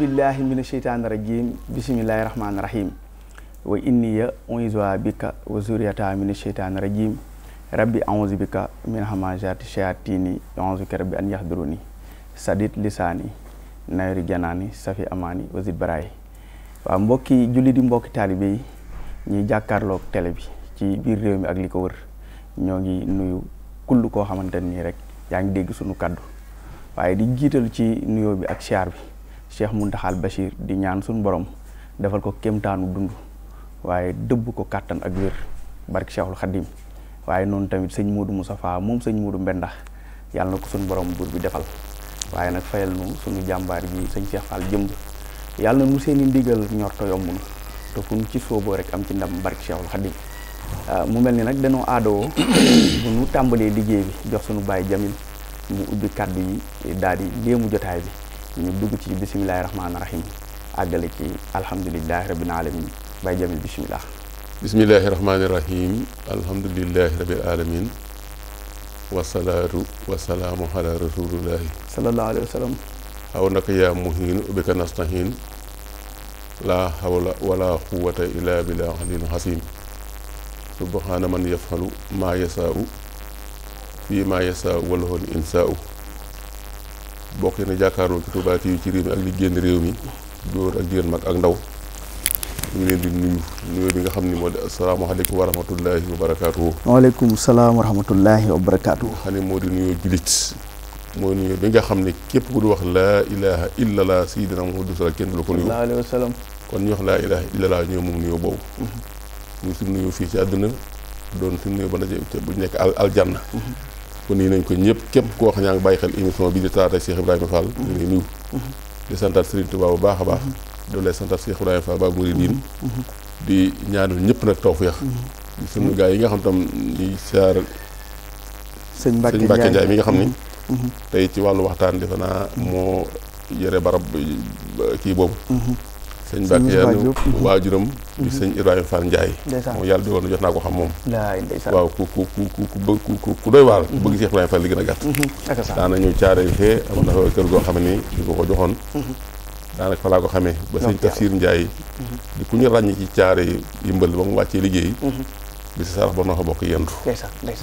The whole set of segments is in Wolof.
billahi min asheytaani rajim bisimillahi rahmaani rahim wa inniya uizuha bika wa zuriyata min asheytaani rajim rabbi auzu bika min hamajati shayatini auzu bika rabbi an yahduruni sadit lisaani nawri janaani safi amaani wasid baraay waaw mbokki julli di mbokki taalibe yi ñuy jàkkaarloog télé bi ci biir réew mi ak li ko wër ñoo gi nuyu kull koo xamante nii rek yaa ngi dégg sunu kaddu waaye di jiital ci nuyoo bi ak siyaar bi Cheikh Muntaxal Bachir di ñaan suñu borom defal ko kéemtaanu dund waaye dëbb ko kàttan ak wér barki Cheikhul Xadim waaye noonu tamit sëñ Modou musafaa moom sëñ Modou Mbenda yàlla na ko suñu borom buur bi defal waaye nag fayal nu suñu jàmbaar ji sëñ Cheikh Fall jëmb yàlla nu seeni ndigal ñor te yomb na te fu ci sooboo rek am ci ndam barki Cheikhul Xadim ah, mu mel ni nag dañoo aadoo bu nu tàmbalee liggéey bi jox suñu bàyyi Jamil mu ubbi kàddu yi daal di léemu jotaay bi ñu dugg ci bisimilahi rahmaani rahim àggale ci alhamdulilahi rabbil alamin bay jamil bisimilah bisimilahi rahmaani rahim alhamdulilahi rabbil alamin wasalaatu wasalaamu ala rasulillahi salallahu alayhi wa sallam hawnaka ya muhin ubika nastahin لا حول ولا قوة إلا بالله العلي العظيم سبحان من يفعل ما يشاء فيما يشاء وله الإنساء bokk na jàkkaarloo ci Touba TV ci réew mi ak li génn réew mi dóor ak jigéen mag ak ndaw ñu ngi leen di nuyu nuyu bi nga xam ni moo di asalaamaaleykum wa rahmatullahi wa barakaatu. waaleykum salaam wa rahmatullahi wa barakaatu. xam ne moo di nuyoo moo nuyoo bi nga xam ne képp ku di wax laa ilaha illallah sayyidina Muhammadu sallallahu kenn du la ko nuyoo. salaam. kon ñu wax laa ilaha illallah ñoo moom nuyoo boobu. Mhm. muy suñu nuyoo fii ci àdduna doon suñu nuyoo ba na bu nekk al aljanna. Mhm. kon nii nañ ko ñëpp képp koo xam ñaa ngi bàyyi xel émission bi di taata Cheikh Ibrahima Fall mm-hmm. ñu ngi nuyu mm-hmm. di santaat Serigne Touba bu baax a baax mm-hmm. doo lay santaat Cheikh Ibrahima Fall baa muri diin di ñaanal ñëpp nag tawfeex suñu gars yi nga xam tam ñuy saar sëñ Mbacke Ndiaye mi nga xam ni tey ci wàllu waxtaan defe naa moo yore barab kii boobu sëñ Mbacke yàlla waajuram di mhm. sëñ Ibrahima Fall Ndiaye moom yàlla dogal na jot naa ko xam moom waaw ku ku ku ku ku doy waar ku mhm. bëgg Cheikh Ibrahima Fall li gën a gàtt mhm. daana ñëw caare fee amoon na kër goo xam ne di ko ko joxoon daanaka fa laa ko xamee ba sëñ Tafsir Ndiaye di ku ñu ràññ ci caare yi yimbal ba mu wàccee liggéey bi si saarax ba bokk yendu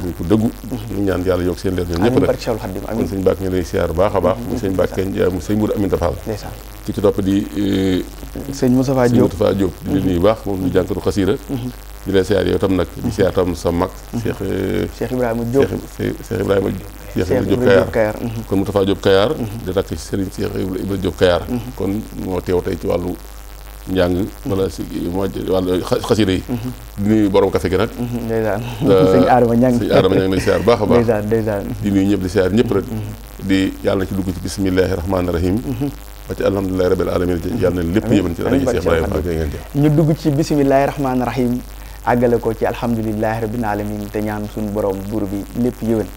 muy ku dëggu ñu mhm. ñaan yàlla yokk seen leer ñoom ñëpp nag kon sëñ Mbàkke ñu lay siyaar baax baax mhm, eh, mu sëñ Mbàkke mu sëñ Mourou Aminta ci di eh, sëñ Moustapha Diop Moustapha Diop di leen mhm. nuyu baax moom ñu jànkatu xasiira di lay siyaar yow tam nag di siyaar tam sa eh, Cheikh Cheikh Ibrahima Diop Cheikh Ibrahima Cheikh Ibrahima Diop Kayar kon Moustapha Diop Kayar di tak ci Serigne Cheikh Ibrahima Diop Kayar kon moo teew tey ci wàllu njàng wala si wàllu xasida yi mhm. di nuyu borom café gi nag ndeysaan sëñ Adama Niang sëñ Adama Niang nañ siyaar baax a baax ndeysaan ndeysaan di nuyu ñëpp di siyaar ñëpp rek mhm. di yàlla na ci dugg ci bismillahi rahmaani rahim mhm. ba ci alhamdulilahi na lépp yëman ci dara Cheikh Ibrahima ak ngeen jëf ñu dugg ci bismillahi rahmaani rahim àggale ko ci alhamdulilahi rabbil alamin te ñaan suñu borom buur bi lépp yëwan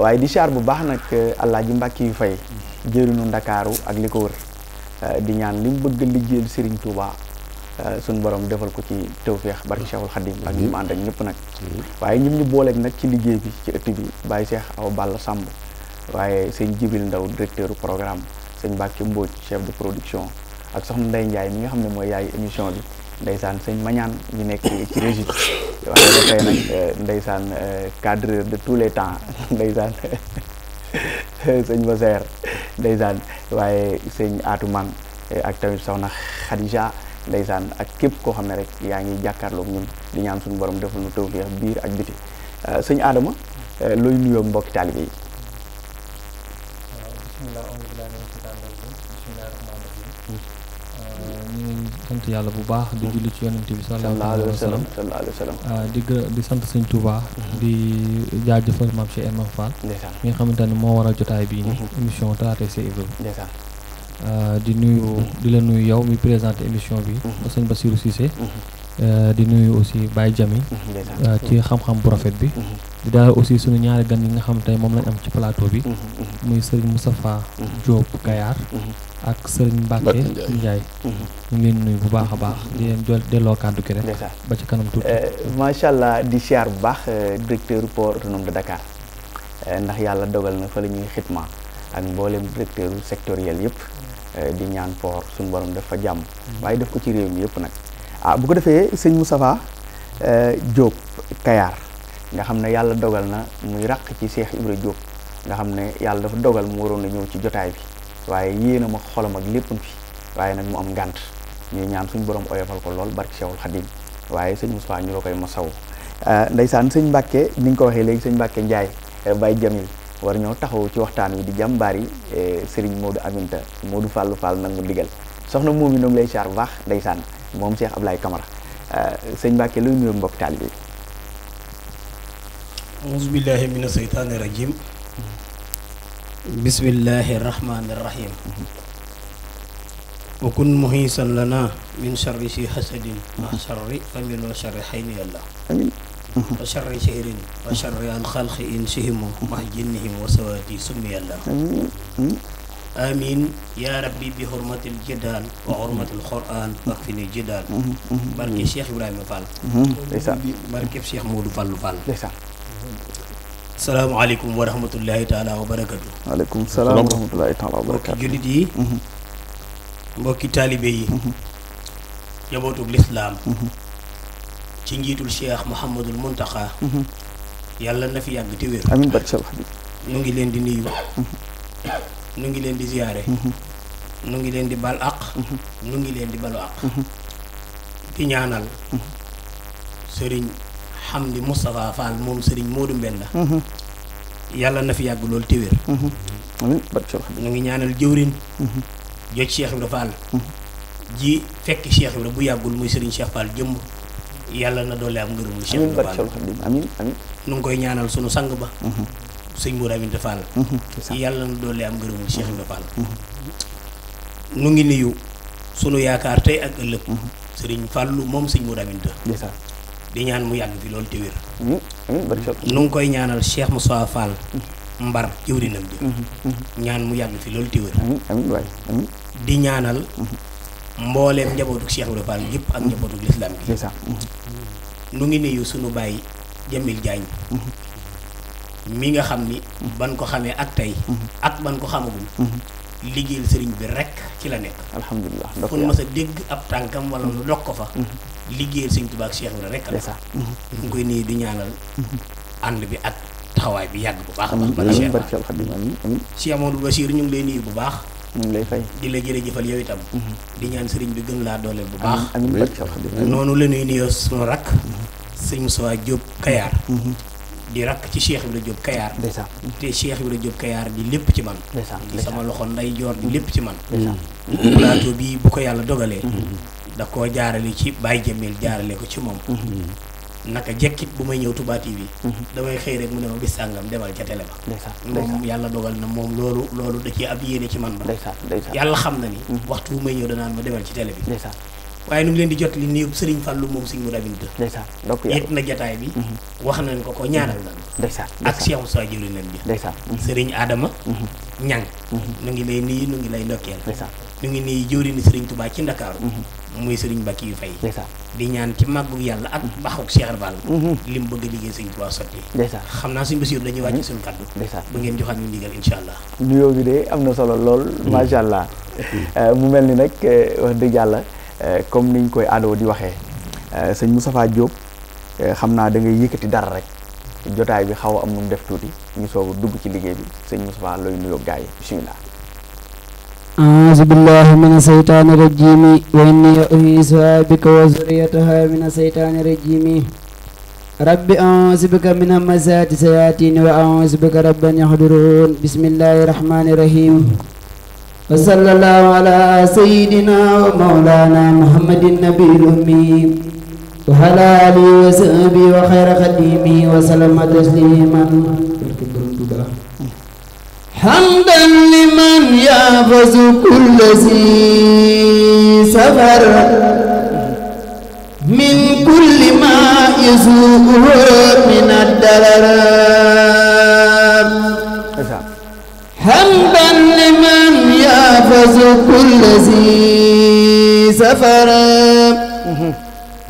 waaye di siyaar bu baax nag Alaaji Mbàkke yu Fay jëriñu Ndakaaru ak li ko wër Euh, di ñaan li mu bëgg a liggéeyal Serigne Touba euh, suñ borom defal ko ci tew feex barki mm-hmm. Cheikhul Khadim ak mm-hmm. ñi mu ànd ak ñëpp nag mm-hmm. waaye ñim ñu booleeg nag ci liggéey bi ci ëtt bi Baye Cheikh Awa Balla Samb waaye sëñ Jibril Ndaw directeur programme sëñ Mbacke Mbodj chef de production ak soxna Ndeye Ndiaye mi nga xam ne mooy yaay émission bi ndeysaan sëñ Mañaan ñu nekk ci régie waaye ba tey nag euh, ndeysaan cadreur de tous les temps ndeysaan sëñ Baseer ndeysaan waaye sëñ aatu man eh, ak tamit soxna Khadija ndeysaan ak képp koo xam ne rek yaa ngi jàkkaarloog ñun di ñaan suñu borom defal lu tawfeex biir ak biti eh, sëñ Adama eh, looy nuyoo mbokki taalibe yi. sant yàlla bu baax di julli ci yonente bi sallallahu alayhi wa sallam sallallahu alayhi wa ah, gë di sant sañ Touba mhm. di jaajëfal maam Cheikh Imam Fall mi nga xamante ne moo waral jotaay bii ni mhm. émission traité ses œuvres di nuyu mhm. di la nuyu yow mi présenté émission bi sëñ Bassirou Cissé ah, di nuyu aussi Baye Jami ah, ci xam-xam bu rafet bi di daal aussi suñu ñaari gan yi nga xam tey moom lañ am ci palaato bi muy sëriñ Moustapha Diop Gayaar ak sëriñ Mbacke Ndiaye mhm. ñu ngi leen bu baax a baax mhm. di leen jël delloo kàddu gi rek ba ci kanam tuuti eh, macha allah di siyaar bu baax eh, directeur port autonome de Dakar eh, ndax yàlla dogal na fa la ñuy xitma ak mboolem directeur sectoriel yëpp di ñaan poor suñu borom def fa jàmm mhm. waaye def ko ci réew mi yëpp nag ah bu ko defee sëñ Moustapha Diop Kayar nga xam ne yàlla dogal na muy raq ci Cheikh Ibra Diop nga xam ne yàlla dafa dogal mu waroon a ñëw ci jotaay bi waaye yéenam ak xolam ak léppam fi waaye nag mu am ngànt ñuy ñaan suñ borom oyofal ko lool barki Seexul Xadim waaye sëñ Moussa ñu la koy ma masaw euh, ndeysaan sëñ Mbàkke ni nga ko waxee léegi sëñ Mbàkke Njaay euh, Baye Jamil war ñoo taxaw ci waxtaan wi di jàmbaar yi euh, Serigne Modou Aminta du Fallou Fall nag mu digal soxna moom yi ñoo lay siyaar bu baax ndeysaan moom Cheikh Ablaye Camara sëñ Mbàkke luy nuyoo mbokk taalibe bi auzu بسم الله الرحمن الرحيم وكن مهيسا لنا من شر شي حسد وشر فمن وشر حين الله وشر شهر وشر الخلق إنسهم ومحجنهم وسواتي سمي الله آمين يا ربي بحرمة الجدال وحرمة القرآن واكفني الجدال بارك أمم. أمم. الشيخ إبراهيم فال بارك أمم. الشيخ مولو فال فال salaamaaleykum wa rahmatullahi taala wa barakatu. salaam wa rahmatullahi taala wa barakatu. mbokki jullit yi. Mm-hmm. mbokki taalibe yi. Mm-hmm. jabootug lislaam mm-hmm. ci njiitul cheikh Mouhamadul Mountakha. yàlla na fi yàgg te wér. ngi leen di nuyu. nu ngi leen di ziyaare. nu ngi leen di bal àq. nu ngi leen di balu àq. di sëriñ. Hamdi Moustapha Fall moom sëriñ Modou Mbenda mhm. yàlla na fi yàgg loolu téwéer amiin ngi ñaanal jëwrin mhm. joj Cheikh Ibra Fall mhm. ji fekk Cheikh Ibra bu yàggul muy sëriñ Cheikh jëmm yàlla na doole am ngërëmul Cheikh Ibra Fall amiin nu ngi koy sunu sang ba sëñ Mourou Aminta yàlla na am ngërëmul Cheikh Ibra ngi nuyu sunu yaakaar tey ak ëllëg sëriñ Fallou moom sëñ Mourou Aminta di ñaan mu yàgg fi loolu te mm-hmm. Mm-hmm. nu ngi koy ñaanal Cheikh Moussa Fall. Mbar jëwrinam ji. Mm-hmm. ñaan mu yàgg fi loolu te di ñaanal. mbooleem njabootu Cheikh Ibrahima Fall yëpp ak njabootu lislaam bi. nu ngi nuyu sunu bàyyi Jamil Diagne. mi nga xam ni. ban ko xamee ak tey. ak ban ko xamagul. liggéeyal sëriñ bi rek ci la nekk. alhamdulilah fu nu mas a dégg ab tànkam wala lu dog ko fa. liggéeyal sëñ Tuubaa ak Cheikh Ibra rek. c'est ça. ñu koy nii di ñaanal. ànd bi ak taxawaay bi yàgg bu baax a baax. amiin amiin barke Alxadim amiin amiin. Cheikh Amadou Bassir ñu ngi lay nuyu bu baax. ñu ngi lay fay di la jërëjëfal yow itam. Mm-hmm. di ñaan sëriñ bi gën laa dooleel bu baax. amiin barke Alxadim noonu la ñuy nuyoo sunu rakk. Mm-hmm. sëñ Moussa Diop Kayar. Mm-hmm. di rakk ci Cheikh Ibra Diop Kayar. ndeysaan te Cheikh Ibra Diop Kayar di lépp ci man. ndeysaan sama loxo nday joor di lépp ci man. plateau bi bu ko yàlla dogalee. da koo jaarale ci Baye Jamil jaarale ko ci moom. Mm-hmm. naka jekkit bu may ñëw Touba TV. Mm-hmm. damay xëy rek mu ne ma bis sàngam demal ca télé ba. moom yàlla dogal na moom loolu loolu da ci ab yéene ci man ma. yàlla xam na ni. Mm-hmm. waxtu bu may ñëw danaan ma demal ci tele bi. waaye nu ngi leen di jot li néew Serigne Fallou moom Serigne Mourad Binta. ndeysaan donc yàlla yëg na jataay bi. Mhm. wax nañ ko ko ñaanal lan. ndeysaan ak Cheikh Moussa jëriñ leen bi. ndeysaan mhm. Serigne Adama. ñang mhm. nu ngi lay nuyu nu ngi lay ndokkeel. ndeysaan nu ngi nuyu ni Serigne Touba ci Ndakaaru. muy Serigne Mbacke yu fay. di ñaan ci màggu yàlla ak baxu Cheikh Arbal. lim bëgg a liggéey Serigne Touba sotti. ndeysaan xam naa suñ bés dañuy wàcc suñu kaddu. ndeysaan ba ngeen joxaat ñu ndigal incha allah. nuyoo bi de am na solo lool. macha allah euh, mu mel ni nag euh, wax dëgg yàlla Euh, comme niñ koy ado di waxee euh, sëñ Moustapha Diop euh, xam naa da ngay yëkkati dara rek jotaay bi xaw a am nu def tuuti ñu soow a dugg ci liggéey bi sëñ Moustapha looy nuyoo gaa yi bisimilah. أعوذ بالله من الشيطان الرجيم وإني أعيذها بك وذريتها a الشيطان الرجيم رب أعوذ بك من همزات الشياطين وأعوذ بك رب وصلى الله على سيدنا ومولانا محمد النبي الأمي وعلى آله وصحبه وخير خديمه وسلم تسليما حمدا لمن يحفظ كل ذي سفر من كل ما يسوقه من الدرر حمدا لمن فزق كل ذي سفر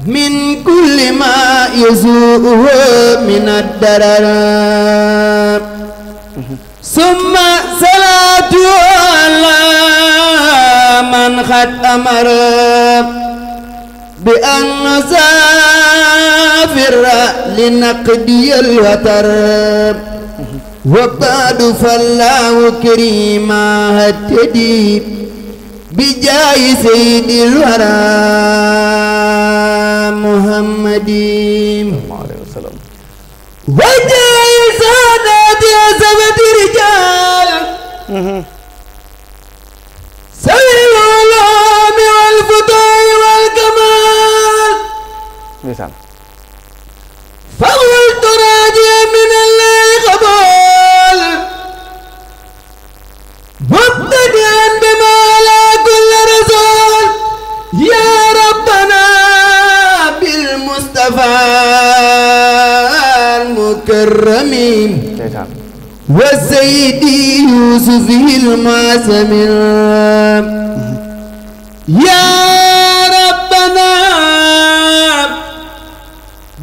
من كل ما يزوءه من الدرر ثم صلاة على من قد أمر بأن سافر لنقدي الوتر وبعد فالله كريما هتدي بجاي سيد الورى محمد وجاي سادات يا سبت رجال سوي العلوم والفتوح والكمال فقلت راجيا من الله خبر المصطفى المكرم نعم. والسيد يوسف المعزم يا ربنا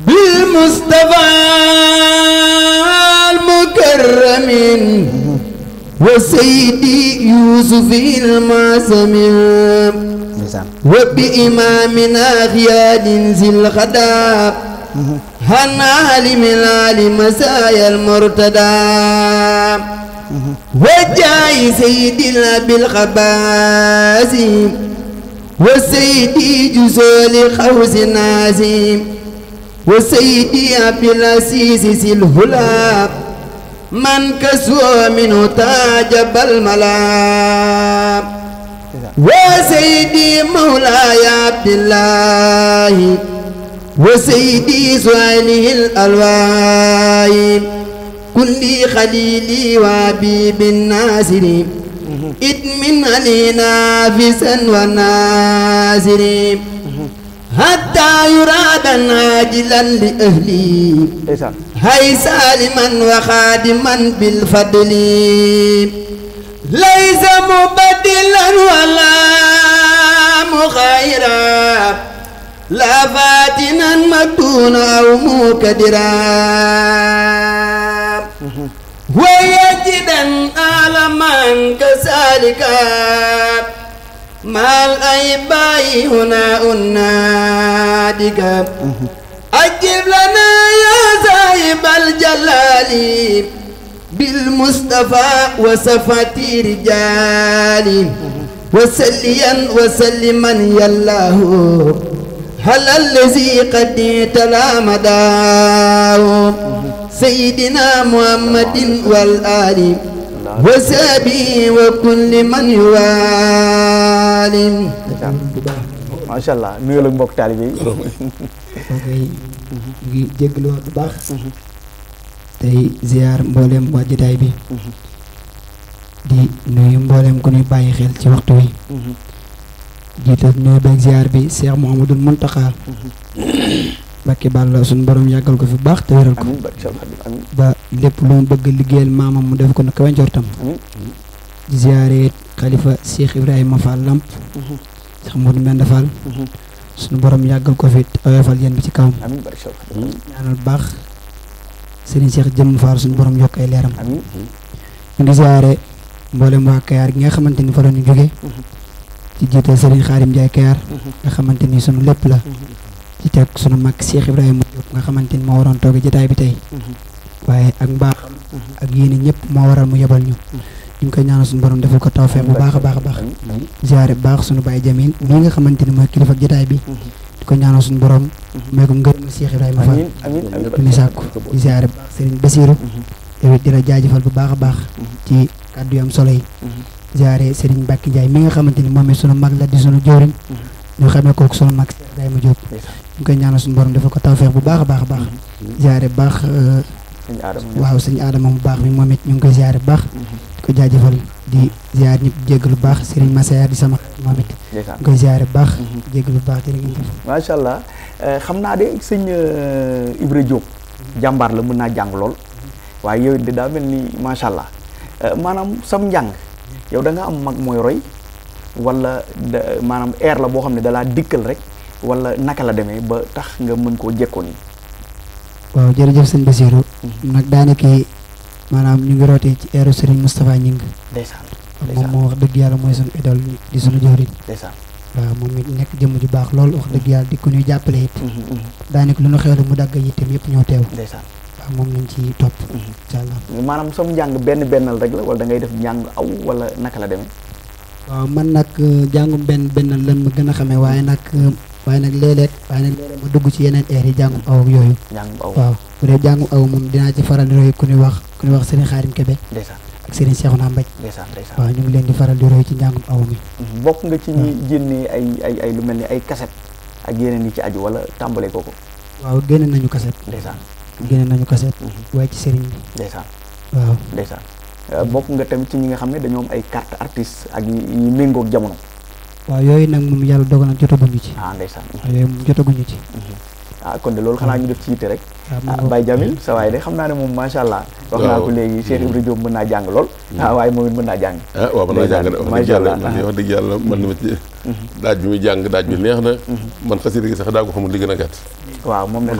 بالمصطفى المكرم وسيدي يوسف المعزم وبإمامنا خياد ذي الغدا هن عالم العالم سايا المرتدى وجاي سيدنا بالخبازم وسيدي جزول خوز نازيم وسيدي ابي العزيز ذي الهلاب من كسوى منه تاج بالملاب وسيدي مولاي عبد الله وسيدي زواني الألواي كل خليلي وحبيب الناصر ادمن علينا نافسا ونازر حتى يرادا عاجلا لأهلي إيه هاي سالما وخادما بالفضل ليس مبدلا ولا مغيرا لا فاتنا مدون أو مكدرا ويجدا عالما كذلك ما الأيباء هنا أنادك أجب لنا يا زايب الجلال بالمصطفى وصفاتي رجال وسليا وسلما يا الله هل الذي قد تلامدا سيدنا محمد والآل وسابي وكل من يوالي ما شاء الله نيو بوك تالي بي tey ziar mbooleem waa jataay bi mhm. di nuyu mbooleem ku ñuy bàyyi xel ci waxtu wi mhm. jiital nuyu beeg ziar bi Cheikh Mouhamadul Mountakha mhm. Mbàkke Bàlla suñu borom yàggal ko fi baax te ba lépp lu mu bëgg liggéeyal maamam mu def ko na kawe njortam di ziareet xalifa Cheikh Ibrahima Fall Lamp Cheikh suñu borom yàggal ko fi oyofal yéen bi ci kawam ñaanal baax sëriñ Cheikh jëm faar suñu boroom yokk ay leeram ñu ngi siyaare mboolem waa Kayaar nga xamante ni fa la ñu jóge ci jiite sëriñ Xaadim Njaay Kayaar nga xamante ni suñu lépp la ci teg suñu mag Cheikh Ibrahima Diop nga xamante ni moo waroon toog jotaay bi tey waaye ak mbaaxam ak yéene ñëpp moo waral mu yebal ñu ñu ngi koy ñaanal suñu borom defal ko tawfeex bu baax a baax a baax siyaare baax suñu baay Jamil ñi nga xamante ni mooy kilifa jotaay bi ko ñaanal suñu borom mhm. may ko ngërëm cheikh ibrahima fall amin amin amin sakku di ziaré serigne mhm. yow bu baaxa baax mhm. ci kaddu yam solo yi ziaré serigne mbacke ndjay mi nga xamanteni momé suñu mag la di suñu jëriñ ñu xamé ko suñu mag cheikh ibrahima diop ñu ko ñaanal suñu borom defal ko tawfiq bu baaxa baaxa baax ziaré baax euh, waaw serigne adama mu baax mi momé ñu ko ziaré baax ko di ziar ñëpp jéggalu baax Serigne Massaya di sama xarit moom nga koy ziare baax mhm. jéggalu baax ngi def ma sha allah eh, xamna naa de sëñ eh, Ibra Diop jambar la mëna jang lool waye yow da melni ma sha macha allah eh, manam sam jang yow da nga am mag moy roy wala manam air la bo xam da la dikkel rek wala naka la démé ba tax nga mën ko jekkoon yi waaw jërëjëf sëñ Basirou mhm. nag daanaka maanaam ñu ngi rootee ci eeru Serigne Moustapha Ñing ndeysaan moom moo wax dëgg yàlla mooy suñu idole di suñu jëwriñ ndeysaan waaw moom it nekk jëmm ju baax lool wax dëgg yàlla di ko ñuy jàppale it mm-hmm, mm-hmm. daanaka lu ñu xewle mu dagg yitteem yëpp ñoo teew ndeysaan waaw moom lañ ci topp mm-hmm. incha allah maanaam sam njàng benn bennal rek wala da ngay def njàng aw wala naka la demee waaw man nag euh, jàngum benn bennal lan ma gën a xamee waaye nag euh, waaye nag léeg waaye nag léeg-léeg ma dugg ci yeneen air yi jàngum aw ak yooyu waaw bu dee jàngum aw moom dinaa ci faral di ku ñuy wax ku ñuy wax sëriñ Xaarim Kebe ak sëriñ Cheikhouna Mbaj waaw ñu ngi leen di faral di roy ci njàngum aw mi bokk nga ci ñi génnee ay ay lu mel ni ay kaset ak yeneen yi ci aju wala tàmbale kooku waaw génne nañu kaset ndeysaan génne nañu kaset mhm. waaye ci sëriñ bi ndeysaan waaw euh, bokk nga tamit ci ñi nga xam ne dañoo am ay carte artiste ak yi méngoog jamono waaw yooyu nag moom yàlla dogal na jotaguñu ci ah ndeysaan waaw yooyu moom jotaguñu ci mhm. ah kon de loolu xanaa ñu def ci yitte rek ah, ah, Baye Jamil sa waay de xam naa ne moom macha allah wax naa mm-hmm. naa jàng lool mm-hmm. ah waaye moom it mën naa jàng ah waaw mën naa jàng de wax dëgg yàlla wax dëgg yàlla man ma ci mm-hmm. daaj bi muy jàng daaj bi neex na man xasida sax daa ko xamul li gën a gàtt waaw moom de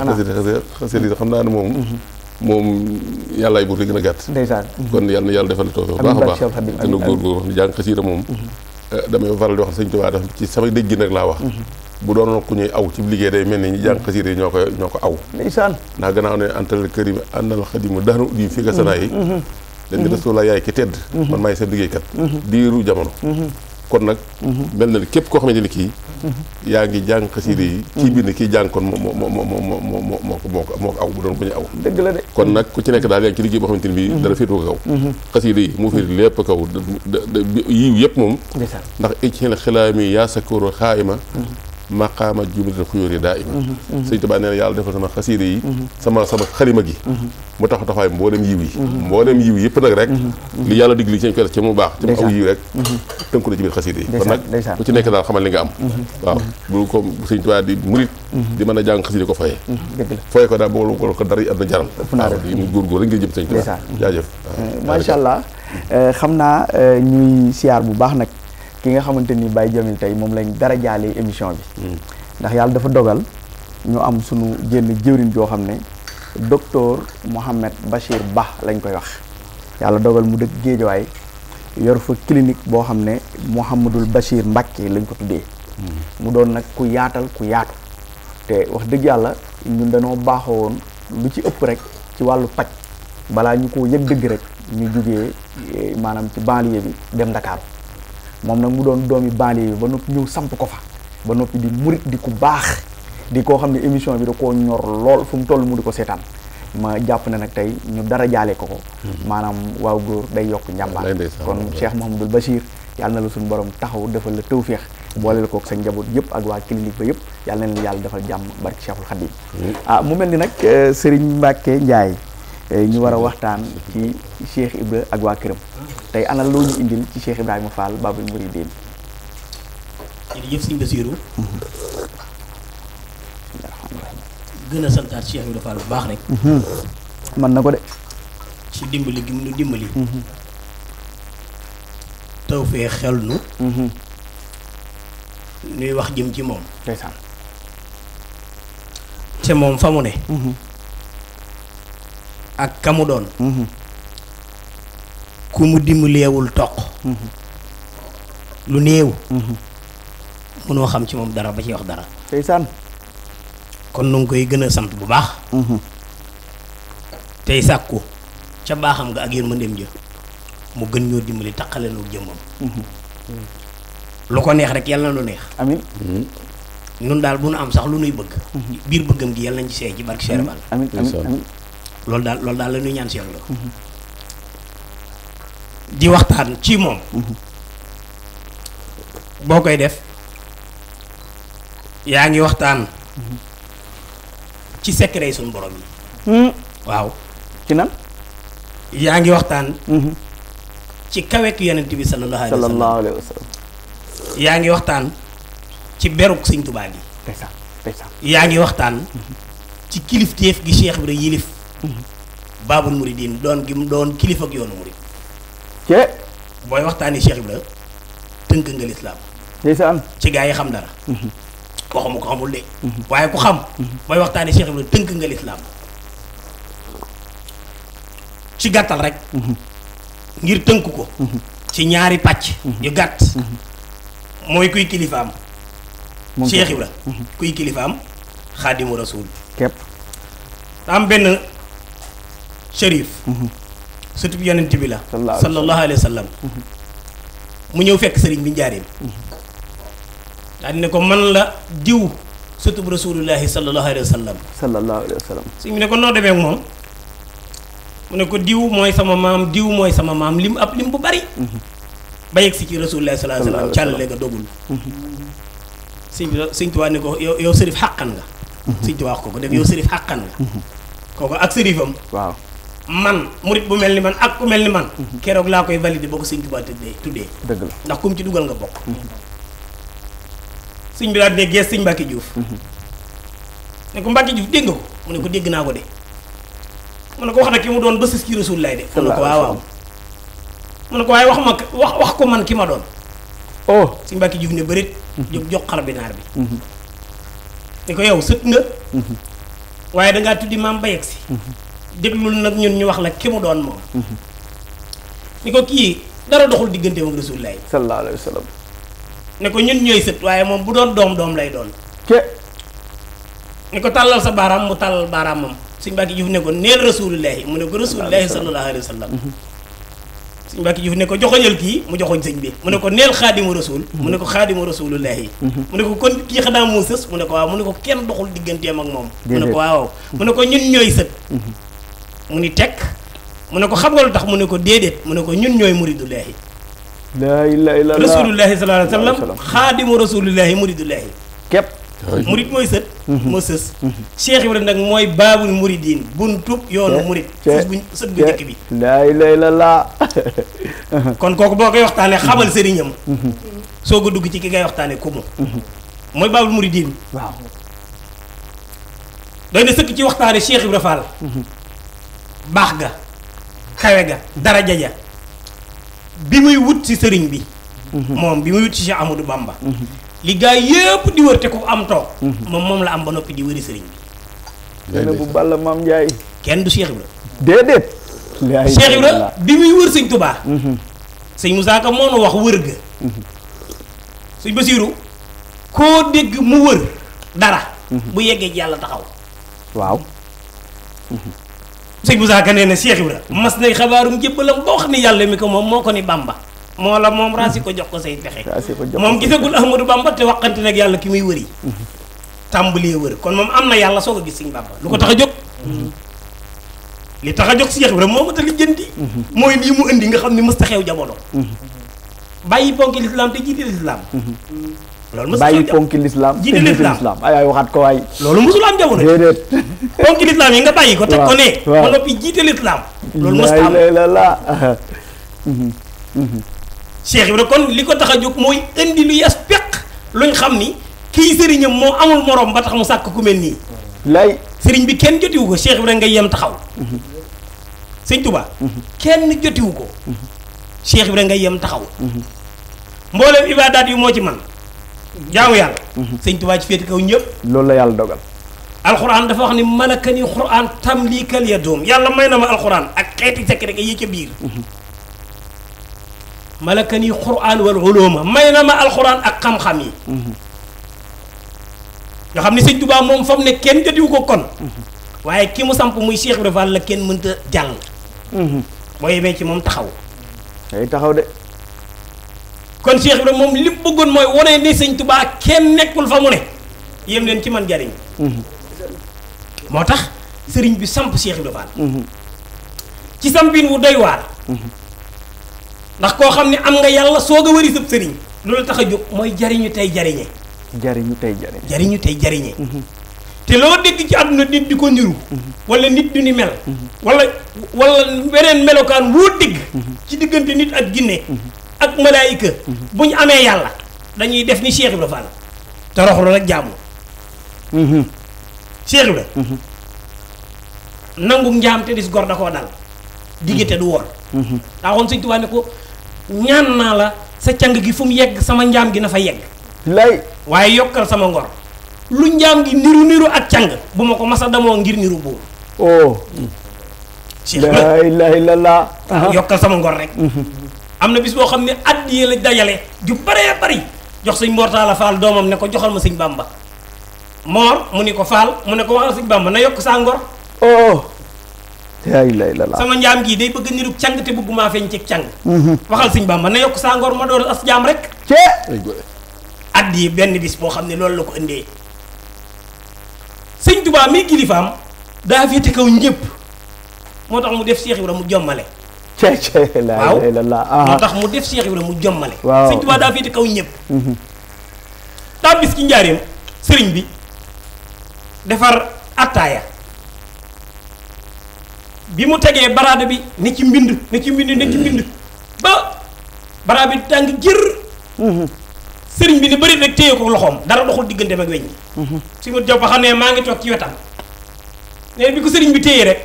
xam naa ne moom moom yàllaay buur li gën a gàtt ndeysaan kon yàlla na yàlla defal toofe baax a baax te nu góorgóor wax ni moom eh, damay faral di wax sëñ Tuubaa def ci sama dëj gi nag laa wax bu doonoon ku ñuy aw ci liggéey day mel ni ñu jàng xasiir yi ñoo ko ñoo ko aw ndeysaan ndax gannaaw ne antal kërim àndal xadimu daanu di fi gasana yi mm-hmm. dañ ne rasulullah yaay ki tedd mm-hmm. man maay sa liggéeykat mm-hmm. diiru jamono kon nag mel na képp koo xamante ni kii yaa ngi jàng xasiir yi kii bind kii jàng kon moo moo moo moo moo moo moo moo ko moo ko aw bu doon ku ñuy aw dëgg kon nag ku ci nekk daal yaa ngi ci liggéey boo xamante ni bii dara féetu ko kaw xasiir yi mu féet lépp kaw yiw yëpp ndax ic xel xilaa mi yaa sa kóor maqaama jublata xuyóori daa ima mhm, mhm. sëñ Tuubaa nee na yàlla defal sama xasiida yi mhm. sama sama xalima gi mu tax taxawaay mboolem yiw yi mboolem yiw yëpp nag rek li yàlla digli ci ñu baax ci na ci biir nekk daal xamal li nga am waaw bu ko sëñ Tuubaa di murit a ko ko daal boolu ko ko dara yi àdduna jaral waaw li mu góorgóor rek ngir jëm eh, allah eh, xam naa eh, ñuy siyaar bu baax nag ki nga xamante ni Baye Jamil tey moom lañ dara jaalee émission bi. Hmm. ndax yàlla dafa dogal ñu am sunu jénn jëwriñ joo xam ne docteur Mouhamed Bachir Ba lañ koy wax. yàlla dogal mu dëkk Géejawaay yor fa clinique boo xam ne Mouhamadul Bachir Mbacke lañ ko tuddee. Hmm. mu doon nag ku yaatal ku yaatu. te wax dëgg yàlla ñun dañoo baaxoo woon lu ci ëpp rek ci wàllu paj balaa ñu ko yëg dëgg rek ñu jugee eh, maanaam ci banlieue bi dem ndakaaru moom nag mu doon doomi banlieue yi ba noppi ñëw samp ko fa ba noppi di murit di ku baax di koo xam ne émission bi da koo ñor lool fu mu toll mu di ko seetaan ma jàpp na nag tey ñu dara jaalee ko ko hmm. maanaam waaw góor day yokk njàmbaar kon Cheikh Mouhamadul Bachir yàlla na la suñu borom taxaw defal la feex booleel kook sa njaboot yëpp ak waa clinique ba yëpp yàlla na leen yàlla defal jàmm barki Cheikhul Khadim hmm. ah mu mel ni nag euh, Serigne Mbacke Ndiaye Eh, ñu war a waxtaan ci Cheikh Ibra ak waa këram tey ana loo ñu indil ci seex Ibrahima Fall baabu ñu jërëjëf sëñ Basiru. gën a santaat Cheikh Ibrahima bu baax rek. Mhm. mën na ko de. ci dimbali gi mu nu dimbali. Mhm. taw fee xel nu. Mhm. nuy wax jëm ci moom. ndeysaan. te moom fa mu ne. ak ka mu doon ku mu dimbalewul toq lu néew mënoo xam ci moom dara ba ci wax dara ndeysaan kon nu ngi koy gën a sant bu baax tey sàkku ca baaxam nga ak yërmandeem jë mu gën ñoo dimbali taqale nu jëmmam lu ko neex rek yàlla na lu neex amin nun daal bu nu am sax lu nuy bëgg biir bëggam gi yàlla nañ ci seey ci barke Cheikh Balla loolu daal loolu daal la ñuy ñaan Cheikh Ibra di waxtaan ci moom boo koy def yaa ngi waxtaan ci secret yi suñu borom yi hmm. waaw ci nan yaa ngi waxtaan hmm. ci kaweek yonent bi sallallahu yaa ngi waxtaan ci beruk sëñ gi yaa ngi waxtaan ci gi Cheikh yilif baabul muridin doon gi mu doon kilifa ak yoonu murid ce booy waxtaani Cheikh Ibra tënk nga lislaam ndeysaan ci gaa yi xam dara mhm. waxuma ko xamul de mhm. waaye ku xam mhm. booy waxtaani Cheikh Ibra tënk nga lislaam ci gàttal rek ngir tënk ko ci ñaari pàcc yu gàtt mooy kuy kilifaam Cheikh Ibra kuy kilifaam xaadimu rasuul képp am Sharif, sëtub yonent bi la. sallallahu alaihi wasallam sallam mu ñew fekk serigne bi ndiarim dal ne ko man la diw sëtub rasulullah sallallahu alaihi wasallam sallam. sallallahu alaihi wasallam sallam. ne ko no demee ak mu ne ko diw moy sama mam diw moy sama mam lim ap lim bu bari. ba yegg si ci rasulullah sallallahu alaihi wasallam sallam ga dogul. sëñ bi sëñ ne ko yow serif haqqan nga. Mhm. sëñ tuwa ko ko def yow sërif nga. Mhm. ko ak serifam waaw. man murit bu mel ni man ak ku mel ni man keroog laa koy validé boo ko sëñ Tuubaa tuddee tuddee dëgg ndax kum ci dugal nga bokk sëñ bi daal ne gees sëñ Mbàkke Juuf ne ko Mbàkke Juuf dégg ko mu ne ko dégg naa ko de mu ne ko wax na ki ma doon ba sës ci Rasuul laay ko waaw wax ma wax ko man ki ma doon oh sëñ Mbàkke Juuf ne bërit mhm. jox xar bi naar bi mhm. ne ko yow sët nga mhm. waaye dangaa tuddi maam ba yegsi déglul nag ñun ñu wax la ki mu doon moom ni ko kii dara doxul diggante ak rasulullah sallallahu alayhi wa sallam ne ko ñun ñooy sët waaye moom bu doon doom doom lay doon ke ni ko tàllal sa baaraam mu tàllal baaraamam suñ bàkki juuf ne ko neel rasulullahi mu ne ko rasulullahi sallallahu alayhi wa sallam suñ bàkki juuf ne ko joxoñal kii mu joxoñ sëñ bi mu ne ko neel xaadimu rasul mu ne ko xaadimu rasulullahi mu ne ko kon kii xanaa moo sës mu ne ko waaw mu ne ko kenn doxul digganteem ak moom mu ne ko waaw mu ne ko ñun ñooy sët mu ni tekk mu ne ko xam nga lu tax mu ne ko déedéet mu ne ko ñun ñooy muridullahi laa ilaaha illallaah rasuulullaahi sallallaahu alayhi wa sallam xaadimu rasuulullaahi muridullaahi képp murid mooy sët mhm. moo sës mhm. Cheikh Ibrahima nag mooy baabul muridiin buntub yoonu murid sës bu sët bu njëkk bi laa ilaaha illallaah kon kooku boo koy waxtaanee xamal mhm. sëriñam soo ko dugg ci ki ngay waxtaanee kumu mooy baabul muridiin waaw doy sëkk ci waxtaane Cheikh Ibrahima Fall bax ga xewé ga dara jaja bi muy wut ci sëriñ bi mom mhm. bi muy wut ci cheikh amadou bamba mhm. li gaa yépp di wërté ko am toog mom mhm. mom la am ba nopi di wëri sëriñ bi bu balla mam jaay kenn du cheikh ibra déedéet cheikh ibra bi muy wër sëñ touba sëñ moussa ka mo no wax wër ga sëñ basirou ko dégg mu wër dara bu yeggee ci yalla taxaw waw sëñ Moussa Ka nee na Cheikh Ibra na nay xabaarum jébbalam boo xam ne yàlla mi ko moom moo ko ni Bamba moo la moom raasi ko jox ko say pexe moom gisagul Ahmadou Bamba te waxante nag yàlla ki muy wëri mhm. tàmbalee wër kon moom am na yàlla soo ko gis sëñ Bamba lu ko tax a jóg mhm. li tax a jóg Cheikh Ibra moo ma ta li jëndi mhm. mooy lii mu indi nga xam ni mës ta xew jamono bàyyi bonki lislaam te jiite lislaam loolu mosul bàyyi ponki lislaam jiite lislaam ay ay waxaat ko waay. loolu mosul am jamono déedéet. ponki lislaam yi nga bàyyi ko. teg ko ne. waaw ba noppi jiite lislaam. loolu mosul am la la kon li ko tax a jóg mooy indi lu peq luñ xam ni kii sëriñam moo amul morom ba mu sàkk ku mel nii. sëriñ bi kenn jotiwu ko Cheikh Ibrahima ngay yem taxaw. sëñ Touba. kenn jotiwu ko. Cheikh Ibrahima ngay yem taxaw. Mhm. mboolem ibaadaat yu moo ci man jaamu yàlla. sëñ Tuubaa ci féete kaw ñëpp. loolu la yàlla dogal. alxuraan dafa wax ni malakani xuraan tamliikal ya doom yàlla may na ma alxuraan ak xeeti secret yi ca biir. malakani xuraan wal uluma may na ma alxuraan ak xam-xam yi. yoo xam ne sëñ Tuubaa moom fa mu ne kenn jotiwu ko kon. waaye ki mu samp muy Cheikh Ibrahima la kenn mënta jàll. boo yemee ci moom taxaw. day taxaw de. kon Cheikh Ibrahima moom li bëggoon mooy wane ne sëñ Tubaa kenn nekkul fa mu ne yem leen ci man jariñ mm-hmm. moo tax sëriñ bi samp Cheikh Ibrahima mm-hmm. ci sampin wu doy waar mm-hmm. ndax koo xam ne am nga yàlla soog a wëri sëb sëriñ loolu tax a jóg mooy jariñu tey jariñe jariñu tey jariñe jariñu tey jariñe te loo dégg ci àdduna nit di ko niru wala nit du ni mel wala wala beneen melokaan woo dégg ci diggante nit ak ginne ak malaika buñ amé yalla dañuy def ni cheikh ibrahim fall roh lu rek jamu hmm cheikh ibra hmm nangum njam te dis gor da ko dal digité du wor hmm xon seigne touba ne ko ñaan na la sa cang gi fum yegg sama jam gi na fa yegg lay waye yokal sama ngor lu njam gi niru niru ak cang bu mako massa damo ngir niru bo oh la ilaha illallah yokal sama ngor rek mhm. am na bis boo xam ne addiye la dajale ju baree bari jox sëñ mbortaala faal doomam ne ko joxal ma sëñ bàmba moor mu ne ko faal mu ne ko waxal sëñ bàmba na yokk saa ngor oh gii day bëgg nirug càng te bëggumaa feeñ ci càng mm-hmm. waxal sëñ bàmba na yokk saa ma doon as jaam rek addiye benn bis boo xam ne loolu la ko indee sëñ tubaa mi kilifaam daa féete kaw ñëpp moo tax mu def Seex mu jommale cey cey waaw moo tax mu def Cheikh Ibrahima mu jommale sëñ Tuubaa daa féete kaw ñëpp mm-hmm. daa bis ci njaareem sëriñ bi defar attaaya bi mu tegee baraada bi ni ci mbind ne ci mbind ne ci mbind ba baraada bi tàng jër mm-hmm. sëriñ bi ni bëri rek téye ko loxoom dara doxul digganteem ak weñ ñi su ma jox ba xam ne maa ngi toog ci wetam ne bi ko sëriñ bi téye rek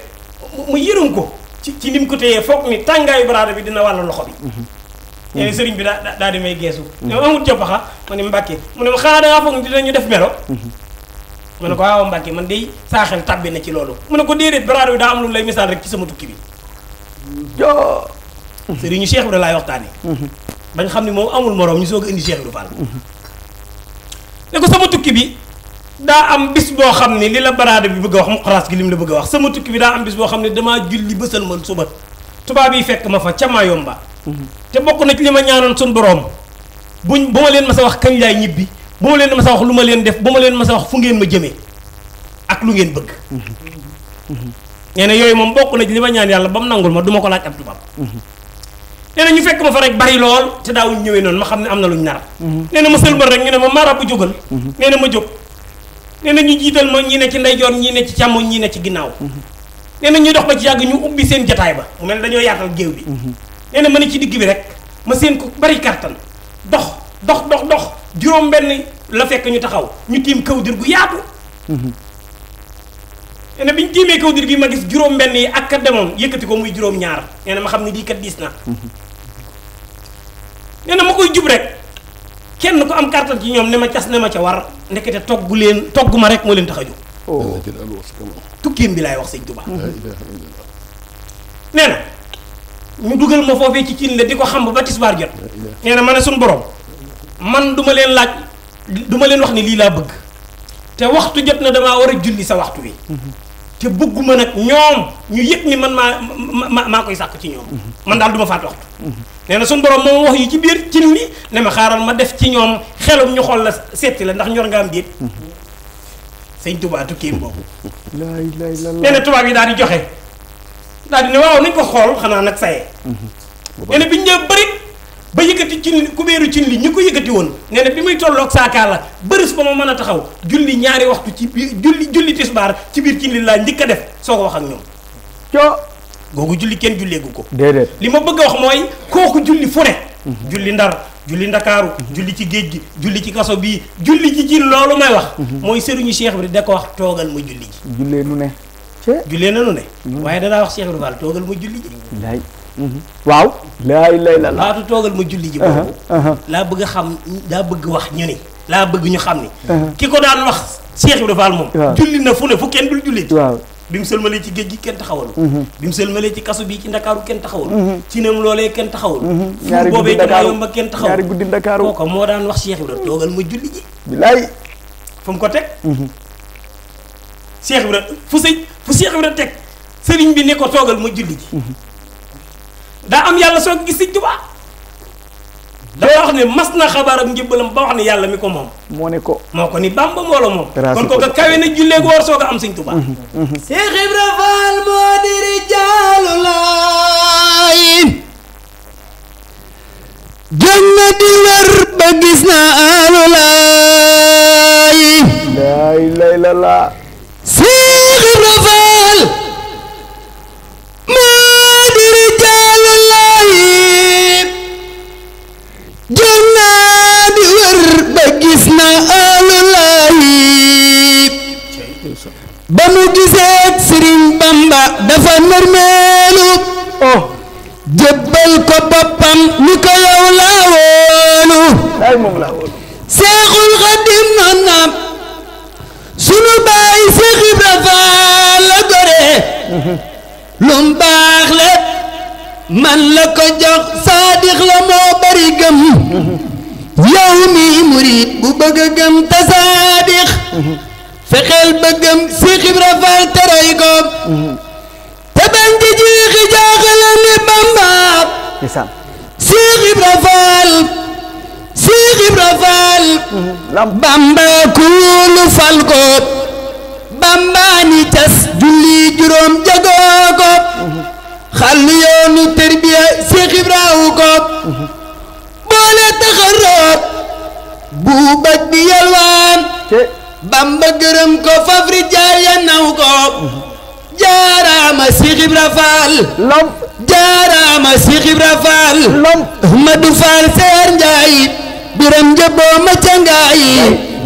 mu yërëm ko ci ci lim ko téyee foog ni tàngaayu baraada bi dina wàll loxo bi. nee mhm. na mhm. sëriñ bi daa daa demee geesu. ne mhm. ma amul joppaxa ma ne Mbàkke mu ne ma xanaa dangaa foog ni dinañu def melo. ma ne ko waaw Mbàkke man de saa xel tàbbi na ci loolu. mu na ko déedéet baraada bi daa am lu lay misaal rek ci sama tukki bi. joo. sëriñu Cheikh Ibra laay waxtaanee. bañ xam ne moom amul morom ñu soog a indi Cheikh Ibra Fall. ne ko sama tukki bi. Da am bis bo xamni lila barade bi bëgg wax mu xaraas gi lim la bëgg wax sama tukki bi da am bis bo xamni dama julli bëssal man suba tuba bi fekk ma fa ca ma yomba te bokku na ci lima ma sun borom buñ bu leen ma sa wax kañ lay ñibbi bu leen ma sa wax luma leen def buma leen ma sa wax fu ngeen ma jëme ak lu ngeen bëgg neena yoy mom bokku na ci lima ñaan yalla bam nangul ma duma ko laaj ab tuba neena ñu fekk ma fa rek bari lool te daawuñ ñëwé non ma xamni amna luñ nar mhm. neena ma rek ñu ne ma marabu jogal mhm. neena ma jog nee na ñu jiital ma ñi ne ci ndeyjoor ñi ne ci càmmoñ ñi ne ci ginnaaw nee na ñuy dox ba ci yàgg ñu ubbi seen jataay ba mu mel dañoo yaatal géew bi nee na ma ne ci digg bi rek ma seen ko bari kàttan dox dox dox dox juróom benn la fekk ñu taxaw ñu tiim kawdir gu yaatu nee na bi ñu tiimee kawdir gi ma gis juróom benn yi ak kat demoon yëkkati ko muy juróom ñaar nee ma xam ne di kat diis na nee ma koy jub rek kenn ku am kàttan ci ñoom ne ma cas ne ma ca war ndekete togg leen togg ma rek moo leen tax a jóg oh. tukkiim bi laay wax sëñ Tuubaa nee na ñu dugal ma foofee ci cin la di ko xam ba tisbaar jot nee na ma ne suñ borom man duma leen laaj duma leen wax ni lii laa bëgg te waxtu jot na damaa war a julli sa waxtu wi mm-hmm. te bëgguma nag ñoom ñu yëg ni man maa maa koy sàkk ci ñoom. Mhm. man daal du ma faat waxtu. Mhm. nee na suñu borom moom wax yu ci biir cin li ne ma xaaral ma def ci ñoom xelum ñu xool la seeti la ndax ñor nga am déet. Mhm. sëñ Tuubaa tukkeem boobu. nee na tubaab yi daal di joxe daal di ne waaw nañ ko xool xanaa nag saye. bu bi ñu ñëw bëri. ba yëkkati cin kubéeru cin li ñu ko yëkkati woon nee na bi muy tolloog saakaar la bëris ba ma mën a taxaw julli ñaari waxtu ci biir julli julli tisbaar ci biir cin li laa njëkk a def soo ko wax ak ñoom coo googu julli kenn julleegu ko déedéet li ma bëgg a wax mooy kooku julli fu mhm. julli ndar julli ndakaaru julli ci géej gi julli ci kaso bii julli ci cin loolu may wax mhm. mooy sëriñu Cheikh bi da ko wax toogal ma julli ji jullee nu ne jullee nanu ne waaye danaa wax Cheikh Ibra Fall toogal ma julli ji waaw laa ilaaha illallaah baatu toogal ma julli ji boobu laa bëgg xam laa bëgg wax ñu ni laa bëgg ñu xam ni ki ko daan wax Cheikh Ibrahima Fall moom julli na fu ne fu kenn dul julli waaw bi mu sëlmalee ci géej gi kenn taxawal mhm. bi mu sëlmalee ci kasu bii ci ndakaaru kenn taxawal mhm. ci nam loolee kenn taxawal mhm. fuur boobee dana yomb kenn taxawal ñaari guddi ndakaaru kooka moo daan wax Cheikh Ibrahima toogal ma julli ji bilaay fu mu ko teg Cheikh da fu sëñ fu Cheikh Ibrahima teg sëriñ bi ne ko toogal ma julli ji Da am yalla so gis sëñ tubaa da wax ni mas na xabaaram ba wax ni yalla mi ko mom mo ne ko moko ni bamba moo la moom kon ko ka kawe na ko war so ga am seigne tubaa mhm. mhm. Cheikh ibrahim Fall modir jalulain jannati ba gis na alulain la ilaha illallah Cheikh ibrahim bamu mu serigne bamba dafa nërmeelu oh jebal ko bopam ni ko yow la wolu ay mom la wolu cheikhul khadim nana sunu bàyyi cheikh ibrafa la gore mhm. lum bax le man la ko jox saadix la mo bari gem mhm. yow mi murid bu beug gem ta te fexeel bëggam si xibra faal teray ko te bañ di jiixi jaaxala ni bamba si xibra faal si xibra faal bamba kuulu fal ko bamba ni ca rafal lom jara Cheikh Ibra rafal lom Ahmadou Fall ser njay biram jëboo ma ca ngaay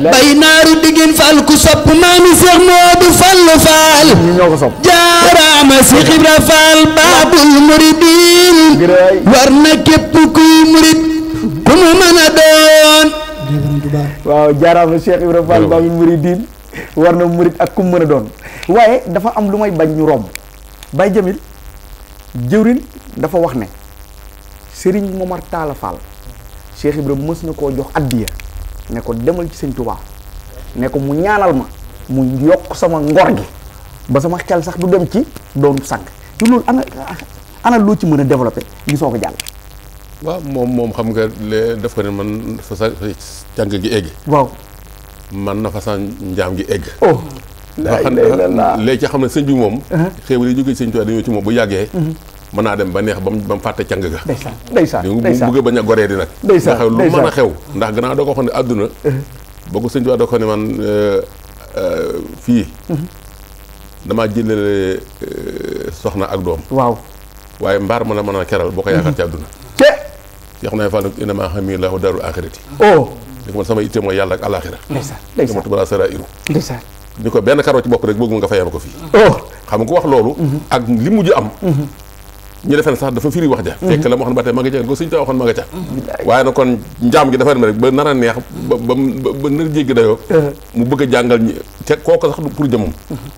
bay naaru digin Fall ku sopp maami Cheikh Modou Fall Fall jaaraama Cheikh Ibra rafal babul muridin war na képp murid ku mu mën a doon waaw ma Cheikh ibrahim Fall baabul muridin warna murid ak ku mu mën a doon waaye dafa am lumay bañ ñu rom bay Jamil jeurin dafa wax ne Serigne Momar tala Fall Cheikh ibrahim mës na koo jox adiya ne ko demal ci serigne Touba ne ko mu ñaanal ma mu yok sama ngor gi ba sama xel sax du dem ci doon sànq ci lool ana ana lo ci meuna a développé soko jall wa mom mom xam nga le daf ko ne man fa sa jang gi egg. wa man na fa sa njaam gi egg. oh. nga xam ne léegi xam ne sëñ moom uh-huh. Uh-huh. xéewal yi jógee sëñ Tuubaa dañoo ci moom bu yàggee uh-huh. mën naa dem ba neex ba mu fàtte cang ga ndeysaan ndeysaan ndeysaan bëgg bañ a goree di nag xew ndax gannaaw ne àdduna boo ko sëñ euh, euh, damaa jëlale euh, ak doom waaw waaye mbaar mën a mën a keral boo ko yaakaar ci àdduna te yoo xam ne ni ko benn karo ci bopp rek bëgguma nga fayal ko fii oh. xam nga ko wax loolu mhm. ak li mujj am mhm. ñu defee sax dafa firi wax ja mhm. fekk la ma ne ba tey ma nga ca ko suñu ta ma nga ca waaye nag kon njaam gi dafa dem rek ba nar a neex ba ba ba nar jéggi dayoo eh. mu bëgg a jàngal ñi te kooku sax pour jëmam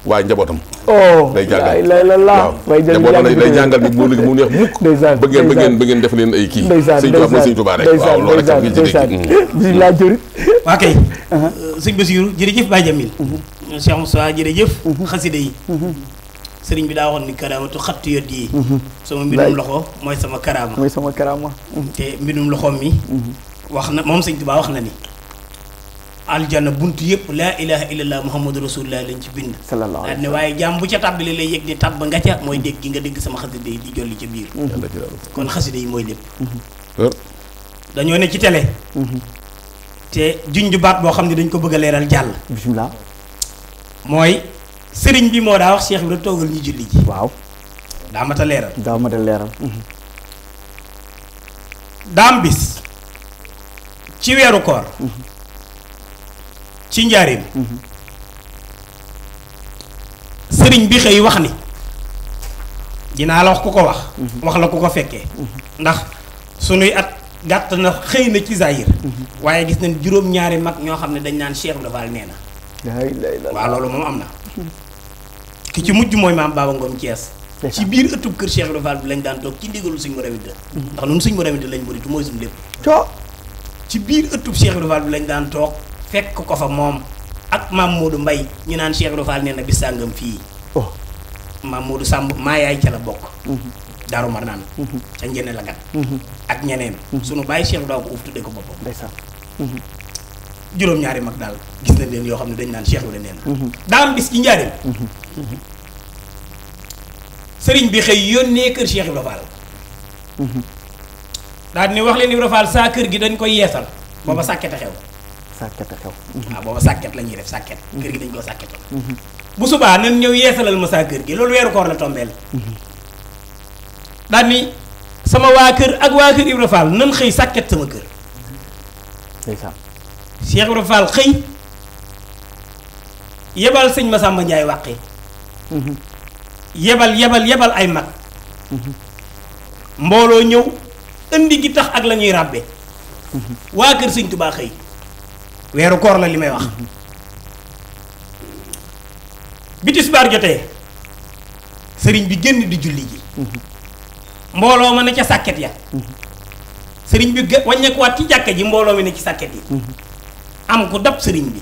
waaye njabootam oh. day jàngal waaw njabootam day jàngal bi mu léegi mu neex mukk ba ngeen ba ngeen ba ngeen def leen ay kii sëñ Tuubaa ma sëñ Tuubaa rek waaw loolu rek sax ngi jëlee kii bisimilah Cheikh Moussa jërëjëf mhm. xasida yi mhm. sëriñ bi daa waxoon ni karaamatu xattu yodd yi mhm. sama mbindum loxo mooy sama karaama sama karaama te mbindum loxoom mi wax na moom sëñ Tuubaa wax na ni aljana bunt yëpp laa ilaha illallah muhammadu rasulullah lañ ci bind daal ne waaye jaam bu ca tàbbali lay yëg ni tàbb nga ca mooy dégg gi nga dégg sama xasida yi di jolli ca biir kon xasida yi mooy lépp dañoo ne ci télé te juñ ju baat boo xam ne dañ ko bëgg a leeral jàll bismillah mooy sëriñ bi moo daa wax Cheikh la toogal ñu julli ji. waaw daa mat a leeral. daa mat a leeral. Mhm. daam bis ci weeru koor. Mhm. ci njaareem. Mhm. sëriñ bi xëy wax ni dinaa la wax ku ko wax. wax la ku ko fekkee. ndax sunuy at gàtt na xëy na ci zahir. waaye gis nañ juróom-ñaari mag ñoo xam ne dañ naan Cheikh Ibra Fall nee na. waaw loolu moom am na ki ci mujj mooy maam Baba Ngom Thiès ci biir ëttub kër Cheikh Ibra Fall bi lañ daan toog ci ndigalu suñ mu mhm. ndax noonu suñ mu rawinte lañ bëritu mooy suñ lépp to ci biir ëttub Cheikh Ibra lañ daan toog fekk ko fa moom ak maam Modou mbay ñu naan Cheikh Ibra Fall nee na bis sàngam fii oh. maam Modou Samb maa yaay ca la bokk mhm. daaru mar naan mhm. ca njene la gat ak ñeneen sunu bàyyi Cheikh Ibra ko uuf tudde ko boppam juróom-ñaari mag daal gis na leen yoo xam ne dañ naan Cheikh Ibra neen daam bis ci njaareem sëriñ bi xëy yónnee kër Cheikh Ibra Fall daal ni wax leen Ibra Fall saa kër gi dañ koy yeesal booba sàkkete xew sàkkete xew waaw booba sàkket la ñuy def sàkket kër gi dañ koo sàkketal bu subaa nan ñëw yeesalal ma saa kër gi loolu weeru koor la tombeel daal ni sama waa kër ak waa kër Ibra Fall nan xëy sàkket sama kër cheikh ibra fall xey yebal seigne massamba ndjay waqi mhm. yebal yebal yebal ay mag mhm. mbolo ñew indi gi tax ak lañuy rabbe mhm. wa keur seigne touba xey wéru koor la limay wax bitis bar joté serigne bi genn di julli ji mbolo ma na ca saket ya serigne bi ko wat ci jakké ji mbolo mi ne ci saket yi am ko dab sëriñ bi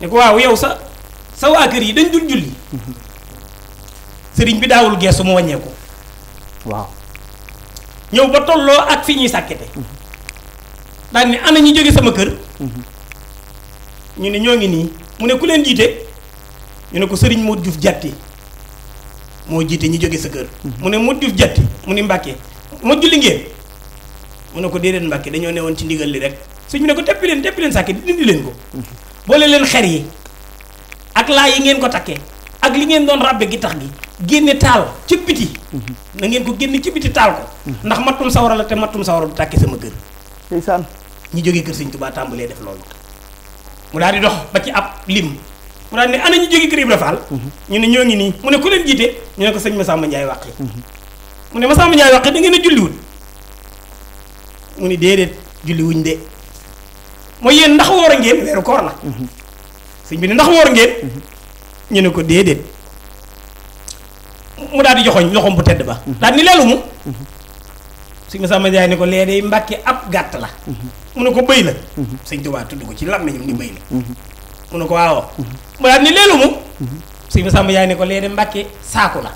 ne ko waaw yow sa sa waa kër yi dañ dul julli sëriñ bi daawul geesu mu wàññeeku waaw ñëw ba tolloo ak fi ñuy sàkkete daal ni ana ñu jóge sama kër ñu ne ñoo ngi nii mu ne ku leen jiite ñu ne ko sëriñ Modou Diouf jatti moo jiite ñu jóge sa kër mu ne Modou Diouf jatti mu ni Mbàkke ma julli ngeen mu ne ko déedéet Mbàkke dañoo newoon ci ndigal li rek suñ bi ne ko teppi leen teppi leen sàkki dindi leen ko boole leen xer yi ak laa yi ngeen ko takkee ak li ngeen doon rabbe gi tax gi génne taal ci biti na ngeen ko génne ci biti taal ko ndax mattum sawara la te mattum sawara du tàkke sama kër ndeysaan ñi jógee kër sëñ tubaa tàmbalee def loolu mu daal di dox ba ci ab lim mu daal ne ana ñu jógee kër Ibra ñu ne ñoo ngi nii mu ne ku leen jiite ñu ne ko sëñ Masamba Ndiaye wàqi mu ne Masamba Ndiaye wàqi da ngeen a julliwul mu ne déedéet julliwuñ de moo yéen ndax woor a ngeen weeru koor la mhm. sëñ bi ne ndax woor a ngeen mhm. ñu ne ko déedéet mu daal di joxoñ loxoom bu tedd ba mhm. daal ni leelu mu sëñ Moussa Madiaye ne ko lee day mbàkke ab gàtt la mu ne ko bëy la sëñ Tuubaa tudd ko ci lam nañu ni bëy la mu ne ko waaw mu daal ni leelu mu sëñ Masamba yaay ne ko lee de Mbàkke saaku la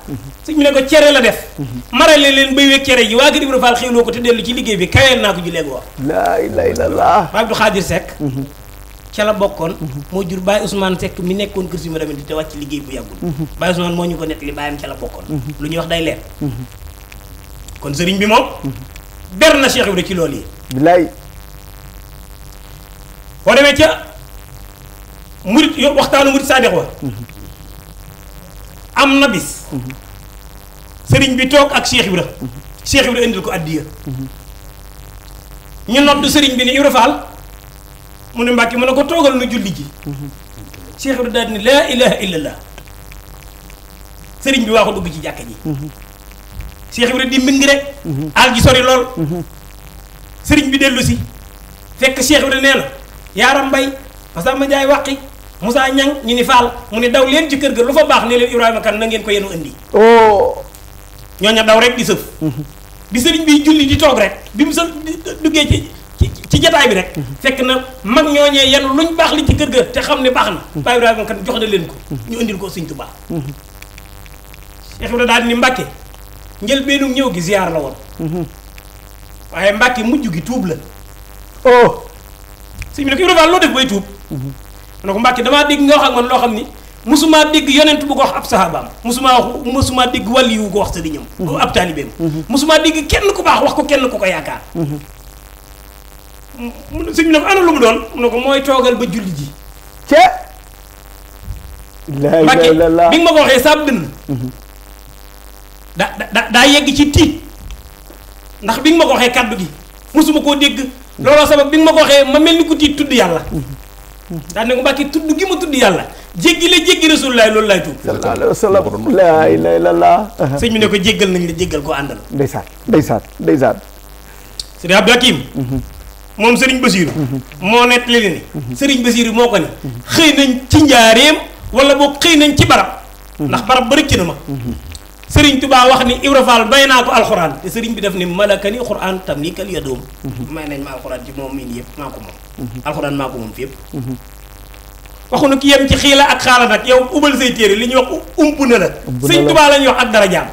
sëñ bi ne ko cere la def marale leen bay weeg cere ji waa kër Ibra Fall xéwloo ko te dellu ci liggéey bi kaweel naa ko ju léegi woor laa ilaaha illallaah Abdou Xaadir Seck mhm. ca la bokkoon mhm. moo jur Baye Ousmane Seck mi nekkoon kër si ma bu yàggul mhm. Baye moo ñu ko nettali bàyyam ca la bokkoon lu ñuy wax day leer kon sëriñ bi moom ber na Cheikh de ci loolu yi bilaay boo demee ca murit yo waxtaanu murit saadix wa am na bis sëriñ bi tok ak Cheikh Ibra Cheikh Ibra indil ko adiya ñu noddu sëriñ bi ni Ibra Fall mu ne Mbàkke mu ne ko togal nu julli ji Cheikh Ibra dal ni la ilaha illallah sëriñ bi waxu dug ci jakk ji Cheikh Ibra di mbing rek al gi sori lol bi delusi fek Cheikh Ibra neena ya rambay fa sama jay waqi Moussa Niang ñu ni Fall mu ni daw leen ci kër ga lu fa baax ne leen Ibrahima kan na ngeen ko yenu indi oh ñooña daw rek di sëf mhm. bi sëriñ bi julli di toog rek bi mu sa duggee ci ci jataay bi rek mhm. fekk na mag ñooñee yenu luñ baax li ci kër ga te xam ne baax na mhm. baa Ibrahima kan jox na leen ko ñu indil ko Sëriñ tu baax Ibrahima daal ni Mbàkke njëlbeenu ñëw gi ziyaar la woon waaye Mbàkke mujj gi tuub la oh sëñ bi ne ko Ibrahima loo def bay tuub ne ko mbacke dama dégg nga wax ak man loo xam ni musuma dégg yonent bu ko wax ab sahabaam musuma wax musuma dégg wali wu ko wax di sëriñam uhuh. ab taalibeem uhuh. musuma dégg kenn ku baax wax ko kenn ku ko yaakaar uhuh. sëñ bi ne ko ana lu mu doon mu ne ko mooy toogal ba julli ji ce mbàkke bi nga ma ko waxee saab dënn da da da yegg ci tiit ndax bi nga ma ko waxee kaddu gi musuma koo dégg looloo sabab bi nga ma ko waxee ma mel ni ku tiit tudd yàlla daal ne ko mbàkki tudd gi ma tudd yàlla jéggi la jéggi rasulullah loolu laay tuub sallallahu alayhi wa sallam laa ilaaha illallah bi ne ko jéggal nañ la jéggal ko àndal day ndeysaan day sëriñ Abdou Hakim mhm. moom sëriñ Basiiru mhm. moo nettali li ni mhm. sëriñ Basiiru moo ko ni xëy nañ ci njaareem wala boo xëy nañ ci barab ndax barab ba rëcc na ma sëriñ tubaa wax ni Ibra Fall may naa ko alxuraan te sëriñ bi def ni malakani xuraan tam ni kal yadoom mhm. may nañ ma alxuraan ci moom miin yëpp maa ko moom mhm. alxuraan maa ko moom fi yëpp mhm. waxuñu ki yem ci xiila ak xaala nag yow ubal say téere li ñuy wax ump na la sëriñ tubaa la ñuy wax ak dara jaam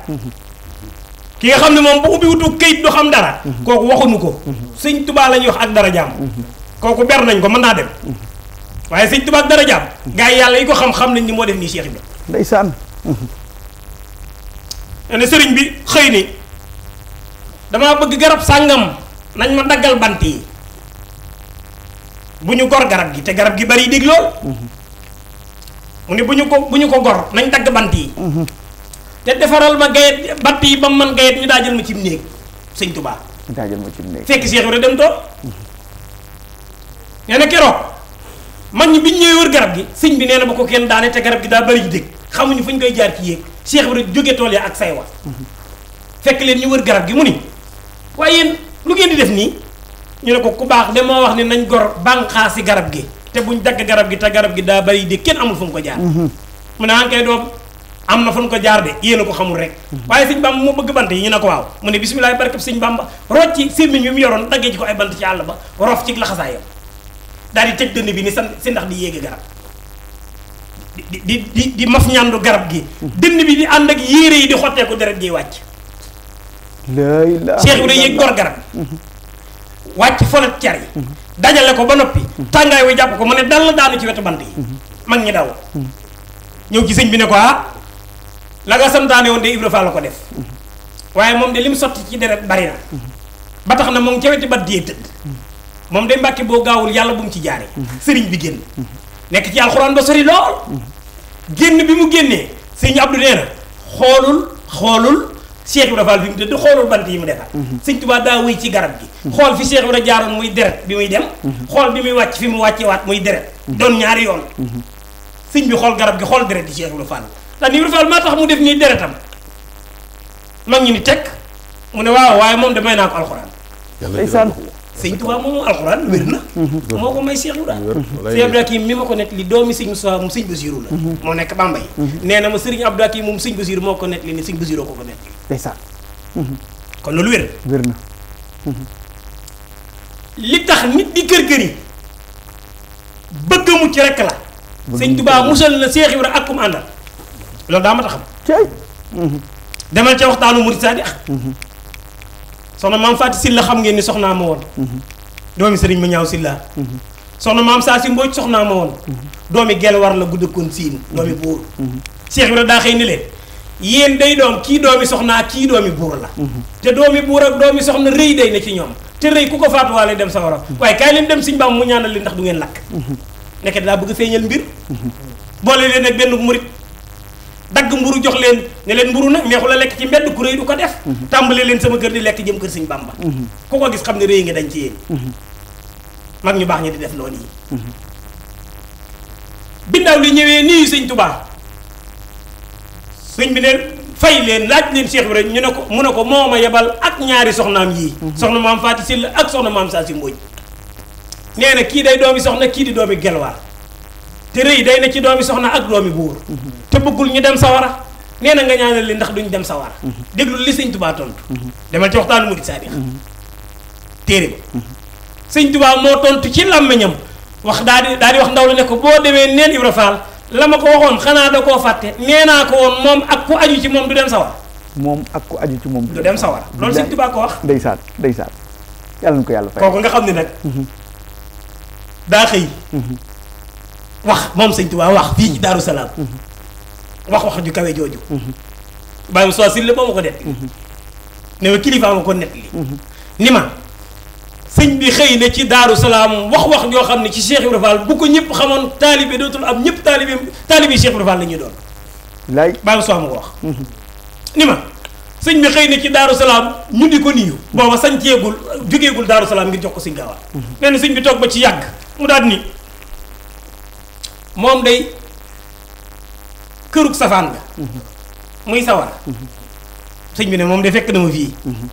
ki nga xam ne moom bu ubbi wutu xam dara kooku waxuñu ko sëriñ tubaa la ñuy wax ak dara jaam kooku ber nañ ko mën naa dem waaye sëñ tubaa ak dara jaam gars yi yàlla yi ko xam-xam nañ ni moo def nii Cheikh Ibra ndeysaan ene serigne bi xëy ni dama bëgg garab sangam nañ ma daggal banti buñu gor garab gi te garab gi bari dig lol mu ni buñu ko buñu ko gor nañ dagg banti mhm. te defaral ma gayet batti ba man gayet ñu dajal ma ci néeg sëñ tubaa dajal ma ci neeg fekk cheikh dem to mhm. nee kéro man ñi biñ ñëw wër garab gi serigne bi neena bako kenn daane te garab gi da bari dig xamuñu fuñ koy jaar ci yéeg cheikh bi joge tole ya ak say wax fekk len ñu wër garab gi mu ni waaye lu ngeen di def ni ñu ne ko ku baax de moo wax ni nañ gor bànqaasi garab gi te buñ dag garab gi ta garab gi da bari de kenn amul fu ko jaar mhm. mu ne ankay ah, do amna fu ko jaar de yéen ko xamul rek mhm. waye sëñ bamba mo bëgg bant yi ñu ne ko waaw mu ne bisimilah barkab bamba rocc sirmiñ bi mu yoron dagge ci ko ay bant ci yalla ba rof ci yam daal di de ni bi ni sen ndax di yegg garab di di di di maf ñandu garab gi. dënn bi di ànd ak yéere yi di xotteeku deret ji wàcc. la ilaha Cheikh Ibrahima yëg gor garab. wàcc folet car yi. dajale ko ba noppi. tàngaay wi jàpp ko mu ne dal la daanu ci wetu bant yi. mag ñi daw. ñëw ci sëñ bi ne ko ah la nga santaane woon de Ibra Fall la ko def. waaye moom de li mu sotti ci deret bari na. ba tax na moom ca wetu bat dee tëdd. moom de mbàkki boo gaawul yàlla bu mu ci jaaree. sëriñ bi génn. nekk ci alxuraan ba sori lool génn bi mu génnee sëñ Abdou nee na xoolul xoolul Cheikh Ibra Fall bi mu di xoolul bant yi mu defar mhm. sëñ Tuubaa daa wéy ci garab gi mhm. xool fi Cheikh Ibra jaaroon muy deret bi muy dem mhm. xool bi muy wàcc fi mu waat muy deret doon ñaari yoon sëñ bi xool garab gi xool deret di Cheikh Ibra Fall ndax ni Ibra Fall maa tax mu def nii deretam mag ñi ni teg mu ne waaw waaye moom damay naa ko alxuraan sëñ Tuubaa moomu alxuraan wér na mhm. Mhm. moo ko may Cheikh Ibra sëñ Abdou Hakim mi ma ko nett li doomi sëñ Moussa moom sëñ Basiru la mhm. moo nekk Bambey nee na ma sëriñ Abdou Hakim moom sëñ Basiru moo ko nett li ni sëñ Basiru ko ko nett ndeysaan kon loolu wér wér na li tax nit di kër kër yi bëgg a mucc rek la sëñ Tuubaa musal na Cheikh Ibra ak kum loolu daa ma tax xam demal ca waxtaanu murid saadi soxna maam Fatou Sylla xam ngeen ni soxnaa ma woon. Mhm. doomi sëriñ ma ñaaw Sylla. Mhm. soxna maam saa si Mbodj soxnaa ma woon. Mhm. doomi gel war la guddëkkoon siin doomi buur. Cheikh Ibrahima daa xëy ni leen yéen day doom kii doomi soxnaa kii doomi buur la. te doomi buur ak doomi soxna rëy day na ci ñoom. te rëy ku ko faatuwaale dem sa waram waaye kaay leen dem siñ baam mu ñaanal leen ndax du ngeen lakk. nekk daa bëgg feeñal mbir. boole leen ak benn murit dagg mburu jox leen ne leen mburu nag neexu la lekk ci mbedd ku rëy du ko def mhm. tàmbale leen sama kër di lekk jëm kër sëñ Bàmba mhm. ku ko gis xam ne rëy nga dañ ci yéen mhm. mag ñu baax ñi di def noonu yi bindaaw li ñëwee nii sëñ Tuubaa sëñ bi neen fay leen laaj leen Cheikh rek ñu ne ko mu ne ko moom a yebal ak ñaari soxnaam yii soxna maam Faati Sylla ak soxna maam Saasi Mbóoj nee na kii day doomi soxna kii di doomi gelwaar te reuy day na ci doomi soxna ak doomi bour te bëggul ñu dem sawara neena nga ñaanal li ndax duñ dem sawara deglu li seigne touba tontu demal ci waxtaanu murid sadiq téré ba seigne touba mo tontu ci lamiñam wax daal daal wax ndaw la ne ko boo neen ibra fall lama ko waxon xana da ko fatte nee ko won mom ak ku aju ci mom du dem sawara mom ak ku aju ci mom du dem sawara loolu sëñ tubaa ko wax ndeysaan ndeysaan yalla nuko yalla fay kooku nga xamni nak mhm. da xey mhm. wax moom sëñ Tuubaa wax fii ci Daaru Salaam wax wax ju kawe jooju bàyyi mu soo si la moo ko def ne ma kilifa ma ni ma sëñ bi xëy na ci Daaru Salaam wax wax joo xam ne ci Cheikh Ibra Fall bu ko ñépp xamoon taalibe dootul am ñëpp taalibe taalibe Cheikh Ibra Fall la ñuy doon laay bàyyi mu soo ma ko wax mhm. ni ma sëñ bi xëy na ci Daaru Salaam ñu di ko niyu booba sañceegul jógeegul Daaru Salaam ngir jox ko sëñ gaawaan benn mhm. sëñ bi toog ba ci yàgg mu daal ni moom day këru safaan ga mm-hmm. muy sawara mm-hmm. sëñ bi ne moom de fekk na ma fii mm-hmm.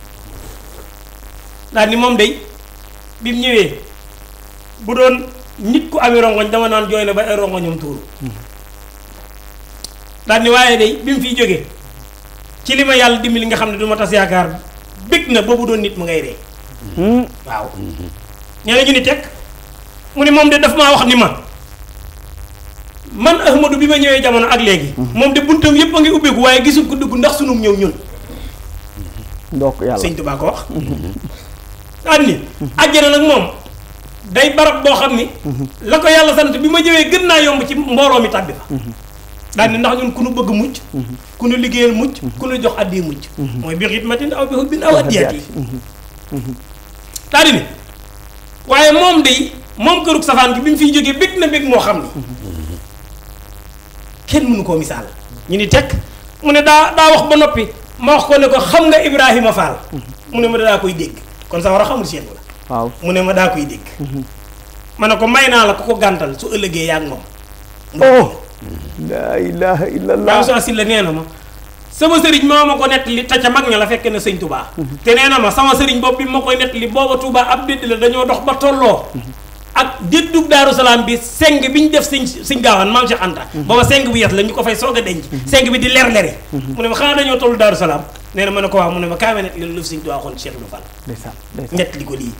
daal ni moom day bi mu ñëwee bu doon nit ku ami rongoñ dama naan jooy na ba ay rongoñam tuuru daal ni waaye day bi mu fiy jógee ci li ma yàlla li nga xam ne du ma tas yaakaar bëgg na boobu doon nit mu ngay ree waaw nee na ni teg mu ne moom de daf maa wax ni ma man ahmadu bima ma jamono ak légui mom mhm. de buntam yépp nga ubbé ko waye gisul ko dugg ndax sunum ñëw ñun ndok yalla sëñ tubaa ko wax tanni mhm. ni nak mom day barab bo xamni mhm. la ko yalla sant bima ma ñëwee gën yomb ci mbooloo mi tabbi fa ndax ñun ku ñu bëgg mucc ku ñu liggéeyal mucc ku ñu jox addi mucc moy bi xitmatin aw bi hubbin aw addiyaat yi daan ni waaye mom day mom kërug safaan gi bi mu fiy jógee na bég mo xamni kenn mënu koo misaal ñu ni tekk mu ne daa daa wax ba noppi ma wax ko ne ko xam nga ibrahima fall mhm. mu ne ma daa koy dégg kon sa war a xamul seen la waaw mu ne ma daa koy dégg mhm. ma ne ko may naa la ko ko gàntal su ëllëgee yaag moom oh la ilaha illallah waaw saa si la nee na ma sama sëriñ moo ma ko nettali ta ca mag ña la fekk na sëñ tubaa mhm. te nee na ma sama sëriñ bopp bi ma koy booba tubaa ab la dañoo dox ba tolloo ak déddug daaru salaam bi seng bi ñu def siñ siñ gaawaan maam Cheikh Anta mhm. booba seng bu yes la ñu ko fay soog a denc mhm. seng bi di leer leri mhm. mu ne ma xanaa dañoo toll daaru salaam nee na ko waaw mu ne ma kaame ne leen lëf siñ du waxoon Cheikh Ibra Fall ndeysaan ñett li ko lii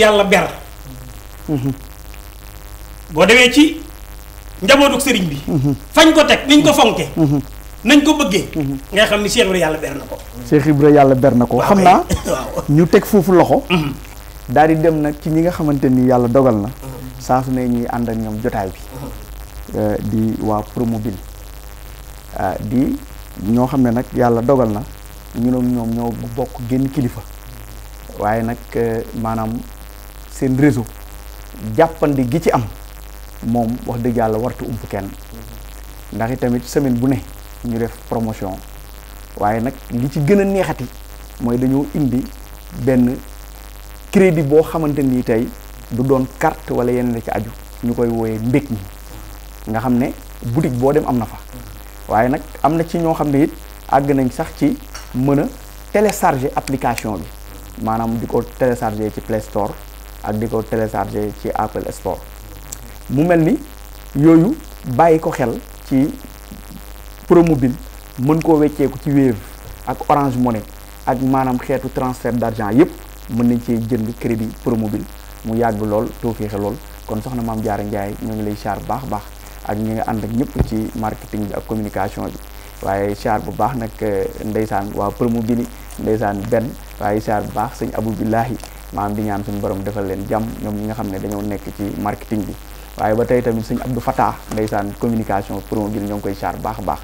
yàlla ber boo demee ci njabootu sëriñ bi fañ ko teg niñ ko fonke nañ ko bëggee nga xam ni Cheikh Ibra yàlla ber na ko Cheikh Ibra yàlla ber na ko xam naa ñu teg foofu loxo mm-hmm. daal di dem nak ci ñi nga xamante ni dogal na mm-hmm. saa su ne ñuy ànd ak ñoom jotaay bi mm-hmm. euh, di waa promobile euh, di ñoo xam ne nag dogal na ñu ñoom ñoo bokk génn kilifa waaye nag euh, maanaam seen réseau jàppandi gi ci am moom wax dëgg yàlla wartu ump kenn ndax tamit semaine bu ne ñu def promotion waaye nag li ci gën a neexati mooy dañoo indi benn crédit boo xamante nii tey du doon carte wala yeneen la ci aju ñu koy wooyee mbég mi nga xam ne boutique boo dem am na fa waaye nag am na ci ñoo xam ne it àgg nañ sax ci mën a télécharger application bi maanaam di ko télécharger ci Play Store ak di ko télécharger ci Apple Store mu mel ni yooyu bàyyi ko xel ci Promobil, mën wéccé ko ci wave ak orange money ak manam xétu transfert d'argent yépp mën nañ ci jënd crédit promobile mu yagg lool toofeexe lool kon soxna mam jaar ndjay ñu ngi lay char bax bax ak ñi nga and ak ñëpp ci marketing ak communication bi waye char bu baax nag eh, ndeysaan waa promobile ndaysan ben waye char bu bax seigne abou billahi maam di ñaan suñu borom defal leen jam ñom ñi nga xam dañoo nekk ci marketing bi waye ba tay tamit seigne abdou fatah ndaysan communication promobil ñoo ngi koy char bax bax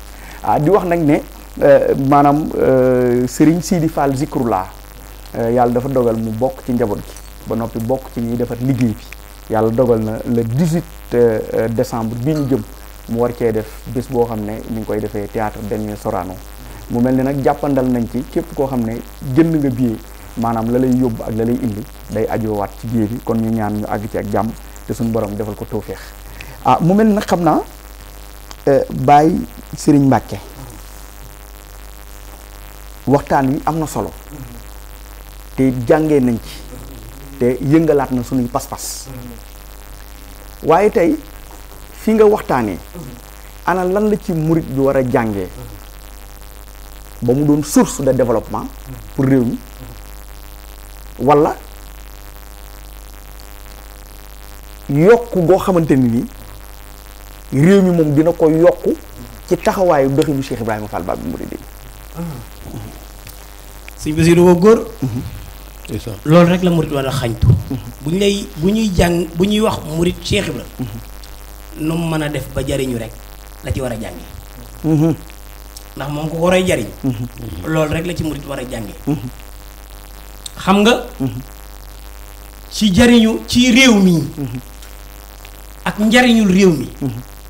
ah di wax nag ne eh, maanaam eh, Serigne Sidi Fall Zikrullah eh, yàlla dafa dogal mu bokk ci njaboot gi ba noppi bokk ci ñuy defar liggéey bi yàlla dogal na la le 18 décembre bi ñu jëm mu war cee def bés boo xam ne ñu ngi koy defee théâtre Daniel Sorano mu mel ne nag jàppandal nañ ci képp koo xam ne jënd nga billet maanaam la lay yóbbu ak la lay indi day ajoowaat ci billet bi kon ñu ñaan ñu àgg ci ak jàmm te suñu borom defal ko tawféex ah mu mel nag xam naa. Euh, Baye Serigne Mbacke waxtaan wi am na solo te jànge nañ ci te yëngalaat na suñuy pas-pas waaye tey fii nga waxtaanee ana lan la ci murit bi war a jàngee ba mu doon source de développement pour réew mi walla yokk goo xamante ni nii réew mi moom dina ko yokk ci taxawaayu doxinu Cheikh Ibrahima Fall Baabul Muridiin sëñ Basiru woo góor loolu rek la murit war a xañtu bu ñu lay bu ñuy jàng bu ñuy wax murit Cheikh Ibrahima nu mu mën a def ba jariñu rek la ci war a jànge mhm. ndax moom ko war waroy jariñ mhm. loolu rek la ci murit war a jànge mhm. xam nga ci jariñu ci réew mi ak njariñul réew mi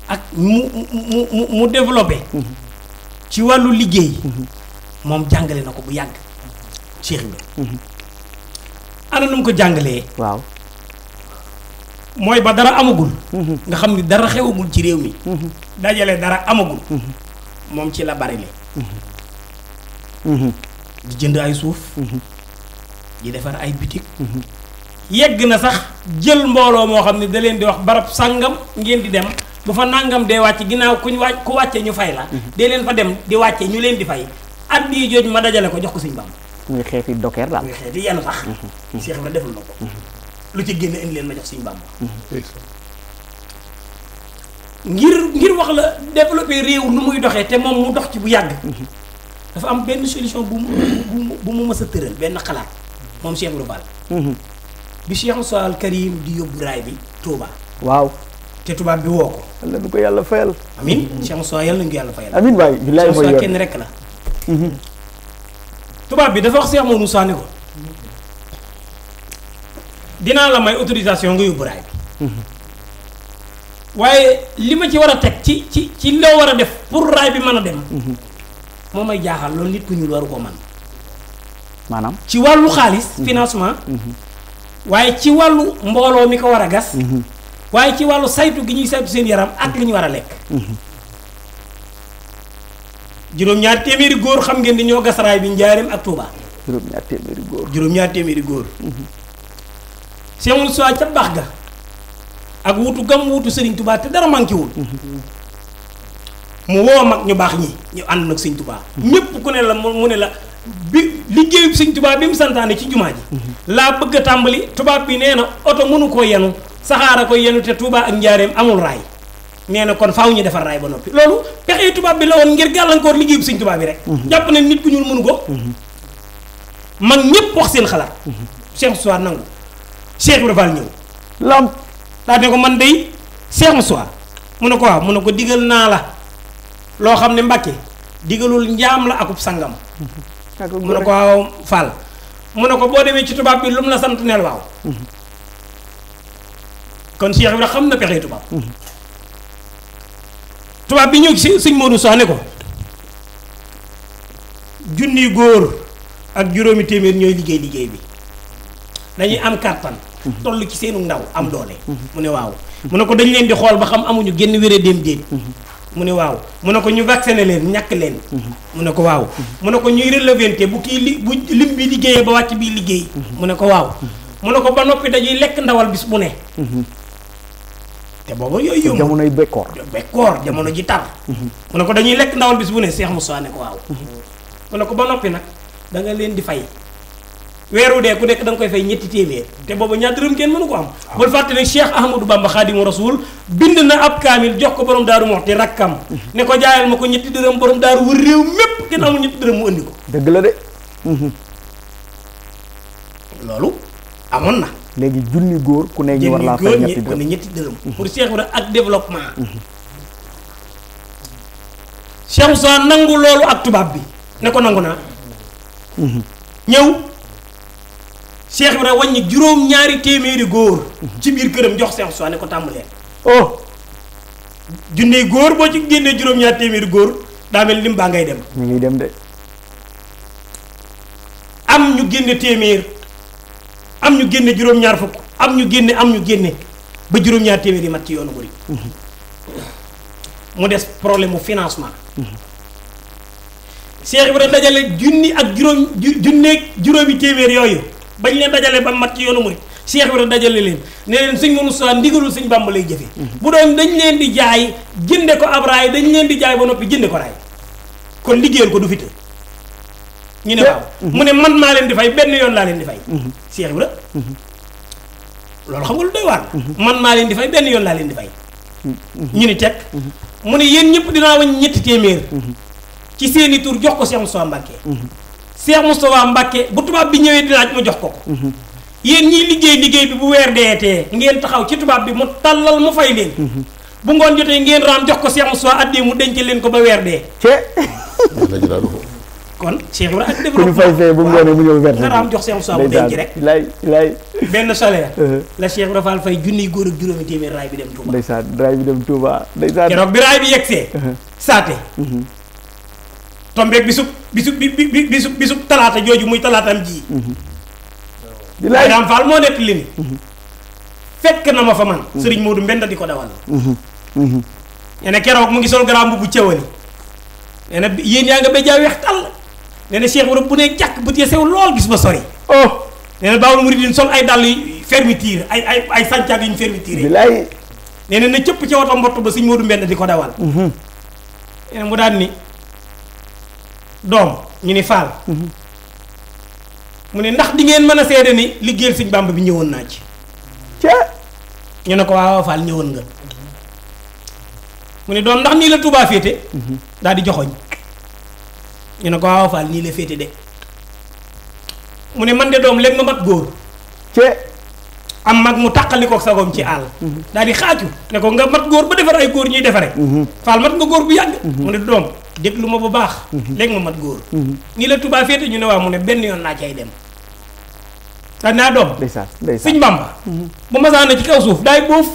ak mu mu mu mu développé. Mmh. ci wàllu liggéey. Mmh. moom jàngale na ko bu yàgg. Cheikh mmh. ana lum ko jàngalee. waaw. mooy ba dara amagul. nga xam ni dara xewagul ci réew mi. dajale dara amagul. moom ci la bari le di jënd ay suuf. di defar ay bitik. yegg na sax jël mbooloo moo xam ne da leen di wax barab sàngam ngeen di dem. bu fa nangam dee wàcc ginnaaw kuñ wàcc ku wàccee ñu fay la mhm. dee leen fa dem di wàccee ñu leen di fay at bii jooj ma dajale ko jox ko sëñ Bamba muy xeeti dokeer daal muy xeeti yenn sax Cheikh mhm. mhm. Ibra deful na ko lu ci génn indi leen ma jox sëñ Bamba ngir ngir wax la développé réew lu muy doxee te moom mu dox ci bu yàgg dafa am benn solution bu mu bu mu mës a tëral benn xalaat moom Cheikh Ibra Fall bi Cheikh Moussa Al Karim di yóbbu raay bi Touba waaw te tubaab bi woo ko. yàlla du ko yàlla fayal. amiin Cheikh Moussa yàlla nañu ko yàlla fayal. amiin waay billaay mooy yoon kenn rek la. Mhm. tubaab bi dafa wax Cheikh Mouhamadou Moussa ko dinaa la may autorisation nga yóbbu raay bi. Mhm. waaye li ma ci war a teg ci ci ci loo war a def pour bi mën a dem. Mhm. moo may jaaxal loolu nit ku ñuul waru ko man maanaam ci wàllu xaalis. financement. waaye ci wàllu mbooloo mi ko war a gas. waaye ci wàllu saytu gi ñuy saytu seen yaram ak li ñu war a lekk. juróom-ñaar téeméeri góor xam ngeen ni ñoo gasaraay bi njaareem ak Touba. juróom-ñaar téeméeri góor juróom-ñaar mhm. ca baax ga ak wutu gam wutu Serigne tubaa te dara manqué wul. Mhm. mu woo mag ñu baax ñi ñu ànd nag sëñ tubaa ñëpp ku ne la mu ne la bi liggéeyu sëñ Touba bi mu santaane ci jumaa ji. Mhm. laa bëgg tàmbali tubaab bi nee na oto mënu koo yenu saxaara ko koy yenu te Touba ak njaareem amul raay nee na kon faaw ñu defar raay ba noppi loolu pexe tubaab bi la woon ngir gàllankoor liggéeyub sëñ tubaab bi rek. jàpp ne nit ku ñu mënu ko. mag ñëpp wax seen xalaat. Cheikh Moussa nangu Cheikh Ibrahima Fall ñëw. ko man day Cheikh Moussa mu ne ko waaw mu ne ko digal naa la loo xam ne Mbàkke digalul njaam la akub sangam. mu ne ko waaw mu ne ko boo demee ci tubaab bi lu mu la sant neel waaw. Mhm. kon Cheikh Ibrahima xam na pexe tubaab tubaab bi ñëw si suñ Modou ne ko junni góor ak juróomi téeméer ñooy liggéey liggéey bi dañuy am kàttan toll ci seenu ndaw am doole mu ne waaw mu ne ko dañ leen di xool ba xam amuñu génn wéré dem mu ne waaw mu ne ko ñu vacciné leen ñàkk leen mu ne ko waaw mu ne ko ñuy bu kii li bu lim bi liggéeyee ba wàcc bi liggéey mu ne ko waaw mu ne ko ba noppi dañuy lekk ndawal bis mu ne te booba iya, yooyu iya. jamono jamonoy bekkoor ya, bekkoor jamono ji tar mu mhm. ne ko dañuy lekk ndawal bis bu ne Cheikh Moussa ne ko waaw mhm. mu ne ko ba noppi nag da nga leen di fay weeru dee ku nekk da nga koy fay ñetti téeméer te booba ñaar dërëm kenn mënu ko am bu fàtte ne cheikh ahmadou bamba xaadimu Rasoul bind na ab kaamil jox ko borom daaru moxti rakkam mhm. ne ko jaayal ma ko ñetti dërëm borom daaru wër réew mépp kenn amul ñetti dërëm mu andi ko dëgg la de loolu amoon na léegi junni góor ku ne ñu war laa fay ñetti dërëm ñetti mhm. pour Cheikh Ibrahima ak développement mhm. Cheikh Moussa nangu loolu ak tubaab bi ne ko nangu naa mhm. ñëw Cheikh Ibrahima wàññi juróom ñaari téeméeri góor ci biir këram jox Cheikh Moussa ne ko tàmbalee oh junni góor boo ci génnee juróom ñaari téeméeri góor daamel mel lim baa ngay dem ñu ngi dem de am ñu génne téeméer am ñu génne juróom-ñaar fukk am ñu génne am ñu génne ba juróom-ñaar téeméer yi mat ci yoonu murid mu des problème mu financement Cheikh Ibrahima dajale junni ak juróom junneeg juróomi téeméer yooyu bañ leen dajale ba mat ci yoonu murid Cheikh Ibrahima dajale leen ne leen suñ moom sa ndigalul suñ Bàmba lay jëfe bu doon dañ leen di jaay jënde ko ab raay dañ leen di jaay ba noppi jënde ko raay kon liggéeyal ko du fi ñu ne waaw mu ne mm-hmm. man maa leen di fay benn yoon laa leen di fay mm-hmm. Cheikh Ibra mm-hmm. loolu xam nga lu doy waar man maa leen di fay benn yoon laa leen di fay ñu ni teg mu ne yéen ñëpp dinaa wañ ñetti téeméer ci seeni tur jox ko Cheikh Moustapha Mbacké Cheikh Moustapha Mbacké bu tubaab bi ñëwee dinaa mu jox ko ko yéen ñiy liggéey liggéey bi bu weer deetee ngeen taxaw ci tubaab bi mu tàllal mu fay leen bu ngoon jotee ngeen raam jox ko Cheikh Moustapha addee mu denc leen ko ba weer dee kon Cheikh Ibrahima ak développement ku ñu fay bu ngoonee mu ñëw vert dara am jox seen saabu denc rek lay lay benn solaire uh-huh. la Cheikh Ibrahima fay junniy góor ak juróomi téeméer raay bi dem Touba ndeysaan raay bi dem Touba ndeysaan keroog bi raay bi yegsee uh-huh. saate uh-huh. tombeeg bisub bisub bi bisub bisub talaata jooju muy talaatam ji di lay daam Fall moo nekk li fekk na ma fa man Serigne Modou Mbenda di dawal nee na mu ngi sol garaam bu nga nee na cheikh bu ne jak bu sew lol gis ma sori oh nee na mouride ni sol ay dal yi fermeture ay ay ay santiag yi fermeture billahi nee na ne cëpp ca wata mbott ba seigne modou mbend di ko dawal mhm. nee na mu dal ni dom ñu ni faal mhm. mu ne ndax di ngeen meuna sédé ni liggéel seigne bàmb bi ñewon na ci ci ñu ne ko waaw faal ñewon nga mu ne dom ndax ni la touba tubaa féete mhm. dal di joxoñ ñu ne ko waaw Fall nii la féete de mu ne man de doom léegi ma mat góor ci am mag mu taqali ko sagoom ci àll mm-hmm. daal di xaaju ne ko nga mat góor ba defar ay góor ñuy defare mm-hmm. Fall mat nga góor bu yàgg mm-hmm. mu ne doom déglu ma bu baax léegi ma mat góor nii la tubaa féete ñu ne waaw mu ne benn yoon laa cay dem daal naa ah, doom sëñ Bamba bu masaana ci kaw suuf daay boof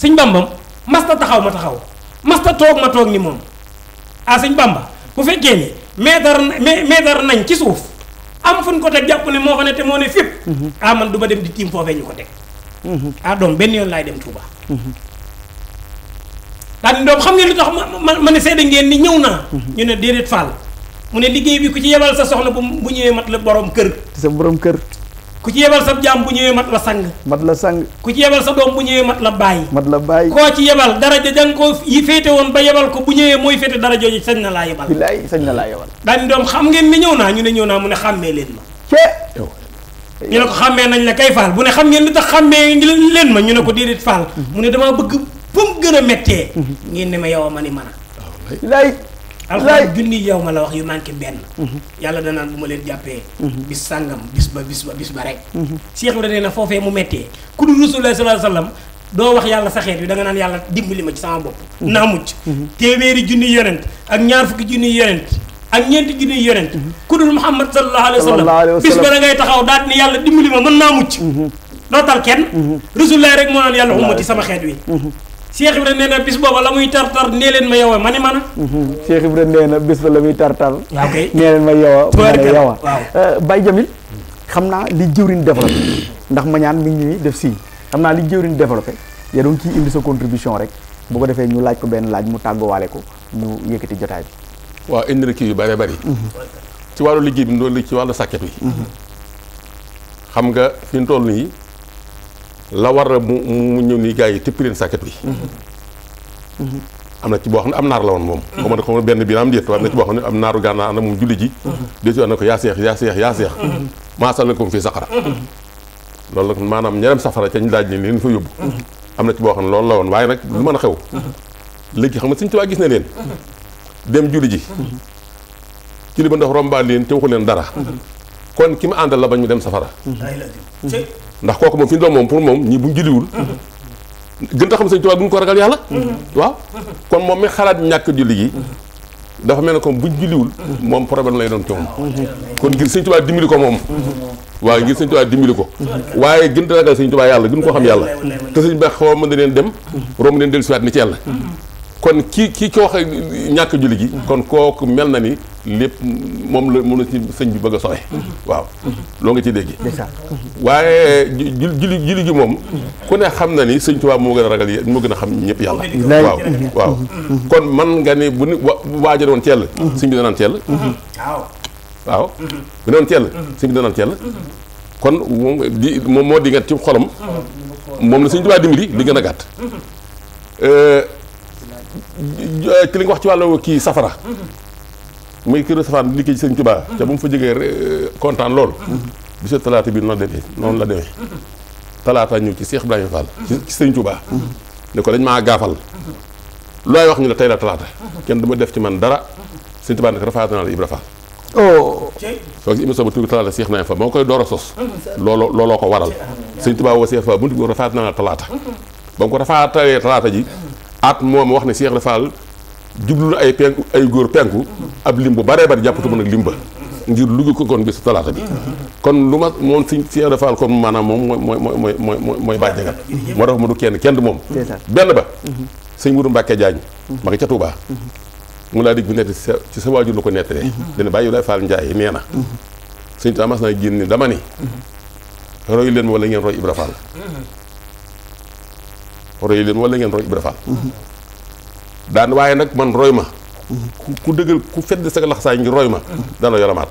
sëñ Bamba mas ta taxaw ma taxaw mas ta toog ma toog ni moom ah sëñ Bamba bu fekkee ni meetar meetar nañ ci suuf am fu ñu ko teg jàpp ne moo fa ne te moo ne fépp mhm. ah man du dem di tiim foofee ñu ko teg mhm. ah doom benn yoon laay dem Touba mhm. daal ni doom xam ngeen lu tax ma ma ne seede ngeen ni ñëw na ñu ne déedéet Fall mu ne liggéey bi ku ci yebal sa soxna bu bu ñëwee mat la boroom kër sa boroom kër ku ci yebal sa jaam bu ñëwee mat la sang mat la sang ku ci yebal sa doom bu ñëwee mat la bàyyi mat la bàyyi koo ci yebal daraja jang ko yi féete woon ba yebal ko bu ñëwee mooy féete dara jooju sañ na laa yebal bilaay sañ na laa yebal daañu doom xam ngeen ni ñëw naa ñu ne ñëw naa mu ne xàmmee leen ma cee ñu ne ko xàmmee nañ ne kay faal bu ne xam ngeen li tax xàmmee leen ma ñu ne ko déedéet faal mm-hmm. mu ne damaa bëgg fu gën a méttee mm-hmm. ngeen ne ma yow a ma ni mën alxuraan junni yow ma la wax yu manqué benn mhm. yàlla danaan bu ma leen jàppee mhm. bis sàngam bis ba bis ba bis ba rek mhm. Cheikh Ibrahima nee na foofee mu mettee ku dul Rasulullah sallallahu alayhi doo wax yàlla sa xeet bi da naan yàlla dimbali ma ci sama bopp naa mucc téeméeri junni yonent ak ñaar fukki junni yonent ak ñeenti junni yonent ku dul Muhammad sallallahu alayhi wasallam bis ba da ngay taxaw daal ni yàlla dimbali ma mën naa mucc doo tal kenn Rasulullah rek moo naan yàlla ummati sama xeet wi seex Ibra nee na bis booba la muy tartar nee leen ma yowa ma ne man a mhm. Cheikh Ibra nee na bis ba la muy tartar ah, nee leen ma yowa ma ne yowa eh, xam naa li jëwriñ développé ndax mañaan ñaan mi ngi ñuy def si xam naa li jëwriñ développé yaa doon ciy indi sa contribution rek bu ko defee ñu laaj ko benn laaj mu tàgguwaale ko ñu yëkkati jotaay bi waaw indi na kii yu bëree bëri mhm. ci wàllu liggéey bi loolu ci wàllu sàkket yi mhm. xam nga fi ñu nii la war a mu mu ñëw ni gars yi tëpp leen sàkket bi am na ci boo xam ne am naar la woon moom xaw ma ne xaw ma benn bii na am déet waaye na ci boo ne am naaru gànnaar ànd ak ji dé si na ko yaa seex yaa seex yaa seex maa salakum fii saxara loolu nag maanaam ñerem safara ca daaj ni leen fa yóbbu am na ci boo xam ne loolu la woon waaye nag lu mën a xew léegi xam nga suñ tubaab gis na leen dem julli ji ci li ba ndox rombaal leen te waxu leen dara kon ki ma àndal la bañ mu dem safara ndax kooku moom fi ñu moom pour moom ñi buñ julliwul gën tax xam sëñ Tuubaa gën ko ragal yàlla waaw kon moom mi xalaat ñàkk julli gi dafa mel ne comme buñ julliwul moom problème lay doon ci moom kon ngir sëñ Tuubaa dimbali ko moom waaw ngir sëñ Tuubaa dimbali ko waaye gën ta ragal sëñ Tuubaa yàlla gën koo xam yàlla te sëñ ba xaw mën na leen dem romb leen dellusiwaat ni ci yàlla kon ki ki cooxe ñàkk julli gi kon kooku mel na ni lépp moom la moom la ci sëñ bi bëgg a soxe waaw loo nga ci dégg waaye julli julli gi moom ku ne xam na ni sëñ Tuubaa moo gën a ragal yi moo gën a xam ñëpp yàlla waaw waaw kon man nga ni bu ni waaja doon teel sëñ bi danaan teel waaw waaw bu doon teel sëñ bi danaan teel kon moom moo di nga ci xolam moom la sëñ Tuubaa dimbali li gën a gàtt euh, ci li nga wax ci wàllu kii safara muy kër safara bi liggéey ci sëñ Tuubaa ca bu mu fa jógee euh, kontaan lool bisu talaata bi noonu la demee noonu la demee talaata ñëw ci Cheikh Ibrahima Fall ci sëñ Tuubaa ne ko dañ maa gaafal looy wax ñu la tey la talaata kenn du ma def ci man dara sëñ Tuubaa ne rafaat naa la Ibra oh. soo gis émission bu tudd talaata moo koy door a sos looloo looloo ko waral sëñ Tuubaa woo Cheikh Fall buntu bi rafaat naa la talaata ba mu ko rafaatalee talaata ji at moom wax ne Cheikh Ibra Fall jublu ay penku ay góor penku ab lim bu baree bari jàppatuma nag lim ba ngir lugu ko kon bisu talaata bi kon lu ma moom si Cheikh Ibra Fall kon maanaam moom mooy mooy mooy mooy mooy mooy bàjjagal moo tax ma du kenn kenn du moom benn ba mhm. sëñ Mourou Mbacke Diagne mhm. ma nga ca Touba mhm. mu laa dig bi nett ci sa waajur la ko nettalee dana bàyyi lay Fall Ndiaye nee na sëñ tamas naa génn ni dama ni roy leen ma wala ngeen roy Ibra Fall roy leen wala ngeen roy Ibra Fall daan waaye nag man roy ma ku dëggal ku fedd sa laxasaay ngi roy ma dana yoramaat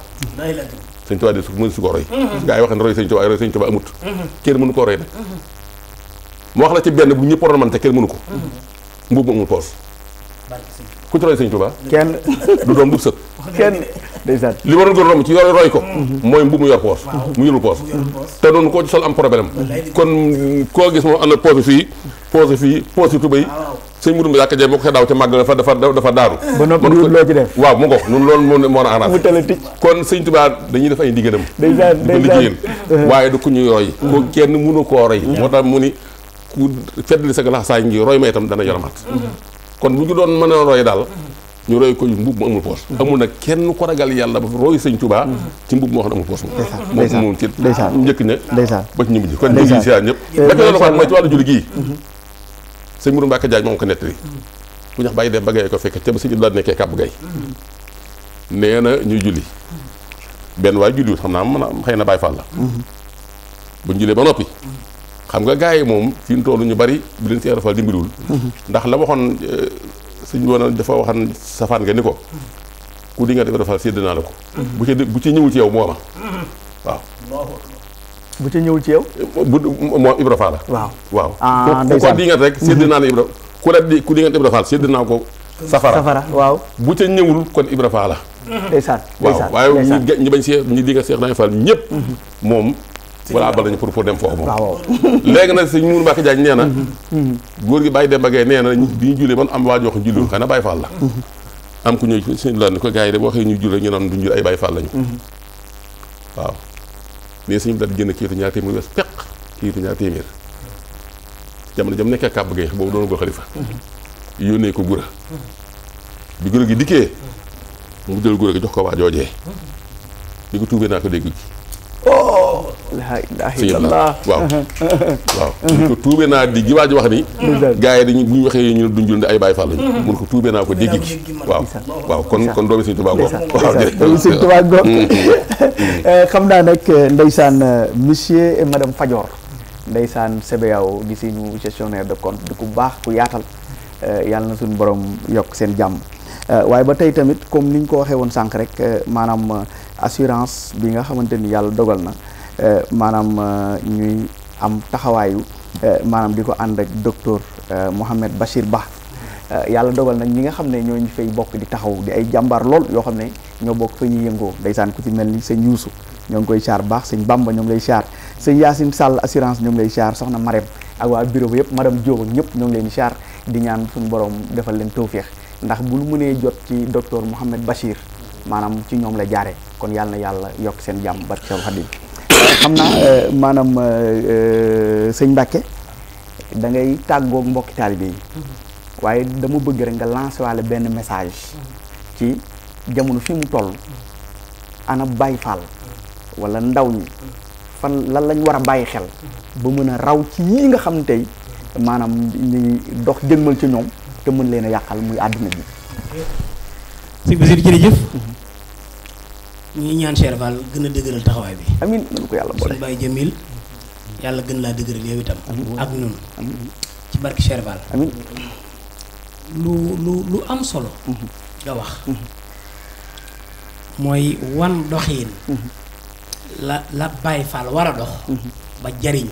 sëñ Tuubaa de su mënu su ko roy gaa yi wax ne roy sëñ Tuubaa roy sëñ Tuubaa amut kenn mënu koo roy nag mu wax la ci benn bu ñëpp waroon man te kenn mënu ko mbubu mu amul poos ku ci roy sëñ Touba. kenn du doom du sët. kenn li waroon ko romb ci yor roy ko. mooy mbu mu yor poos. te doon koo ci problème kon koo gis moom am na poos fii poos fii poos yi tubéy. sëñ Mourou Mbacke Ndiaye moo ko sa daaw màgg dafa dafa dafa daaru. ba noppi loo ci def waaw mu moo moo arrangé. mu tële tic kon sëñ Touba dañuy def ay ndigalam. ndeysaan ndeysaan uh-huh. waaye du ku ñuy roy. Uh-huh. ko kenn mënu koo roy. moo tax mu ni ku feddali sa laxasaay ngi roy ma itam dana yoramaat uh-huh. kon bu ñu doon mën a roy daal ñu roy ko yu mbub mu amul poos mm-hmm. amul nag kenn ko ragal yàlla ba roy sëñ Tuubaa mm-hmm. ci mbub moo xam ne amul poos moom moom moom ci njëkk ña ba ci ñu mujj kon ñu ñëpp lépp loolu xool mooy ci wàllu julli gii mm-hmm. sëñ Mourou ba ko fekk te ba sëñ Abdoulaye nekkee na ñuy julli benn waay julliwut xam naa mën a xëy na Baay Faal la jullee ba noppi xam nga gars yi moom fi ñu toll ñu bari bu leen Cheikh Ibra Fall dimbiliwul ndax la waxoon eh, suñ woon dafa waxoon safaan nga ni ko ku di nga Cheikh Ibra Fall sédd la ko bu ci bu ci ñëwul ci yow moo ma ci ñëwul ci yow bu moom Ibra Fall la waaw waaw ah, ku ko rek mhm. sédd naa la Ibra ku la di ku di nga Ibra Fall sédd naa ko safara safara waaw bu ca ñëwul kon Ibra Fall la ndeysaan waaw waaye ñu bañ see mhm. moom wala abal nañu pour pour dem foofu moom waaw léegi nag sëñ Mourou Mbacke Diagne mhm. Mhm. góor gi bàyyi dem ba nee na bi ñu jullee man am waa joo xam julliwul mhm. xanaa Baye Fall la am la ni ko gars yi de waxee ñu julle ñu naan duñ jul ay Baye Fall lañu waaw mais sëñ bi daal di génn ñaar téeméer wees peq kiitu ñaar téeméer jamono jam nekkee kàbb gay boobu doon ko xalifa yónnee ko gura bi gura gi dikkee mu jël gura gi jox ko waa joojee li ko tuubee naa ko dégg gi oh. la ilaha waaw mun ko tuube naa di gi waa ji wax ni gars yi dañu bu ñu waxee ñu ne duñ julli ay Baay Faal lañu mm-hmm. mun ko tuube naa ko dégg gi waaw waaw kon kon doomi Sëñ Tuubaa gox doomi mm-hmm. eh, xam naa nag eh, ndeysaan eh, monsieur et madame fajoor ndeysaan CBAO di suñu gestionnaire de compte di ku baax ku yaatal yàlla na suñu borom yokk seen jàmm waaye ba tey tamit comme ni ñu ko waxee woon sànq rek maanaam assurance bi nga xamante ni yàlla dogal na eh, maanaam eh, ñuy am taxawaayu eh, maanaam di ko ànd ak docteur Mouhamed Bachir Ba yàlla dogal nag ñi nga xam ne ñoo ñu fay bokk di taxaw di ay jàmbaar lool yoo xam ne ñoo bokk fa ñuy yëngoo ndeysaan ku ci mel ni sëñ Yuusu ñoo ngi koy char baax sëñ baam ñoo ñoom lay char sëñ Yacine sàll assurance ñoom lay char soxna Marème ak waa bureau ba yëpp madame Diop ak ñëpp ñoo ngi leen char di ñaan suñu borom defal leen tawféex ndax bu ñu mënee jot ci docteur Mouhamed Bachir maanaam ci ñoom la jaaree kon yàlla na yàlla yokk seen jàmm barke Seexul Xadiim xam naa euh, maanaam euh, euh, sëñ Mbàkke da ngay tàggoog mbokki taalibe yi mm-hmm. waaye dama bëgg rek nga lancer waale benn message mm-hmm. ci jamono fi mu toll mm-hmm. ana bàyyi Faal wala ndaw ñi fan lan lañ war a bàyyi xel ba mën a raw ci yii nga xam tey maanaam ñi dox jëgmal ci ñoom te mën leen a yàqal muy àddina bi ñuy ñaan Cheikh gën a dëgëral taxawaay bi. amiin nañu yàlla boole suñu Jamil yàlla gën laa dëgëral yow itam. ak ñun ci barki Cheikh lu lu lu am solo. Mhm. nga wax. Mhm. mooy wan doxiin mhm. la la Baye Fall war a dox. ba jariñu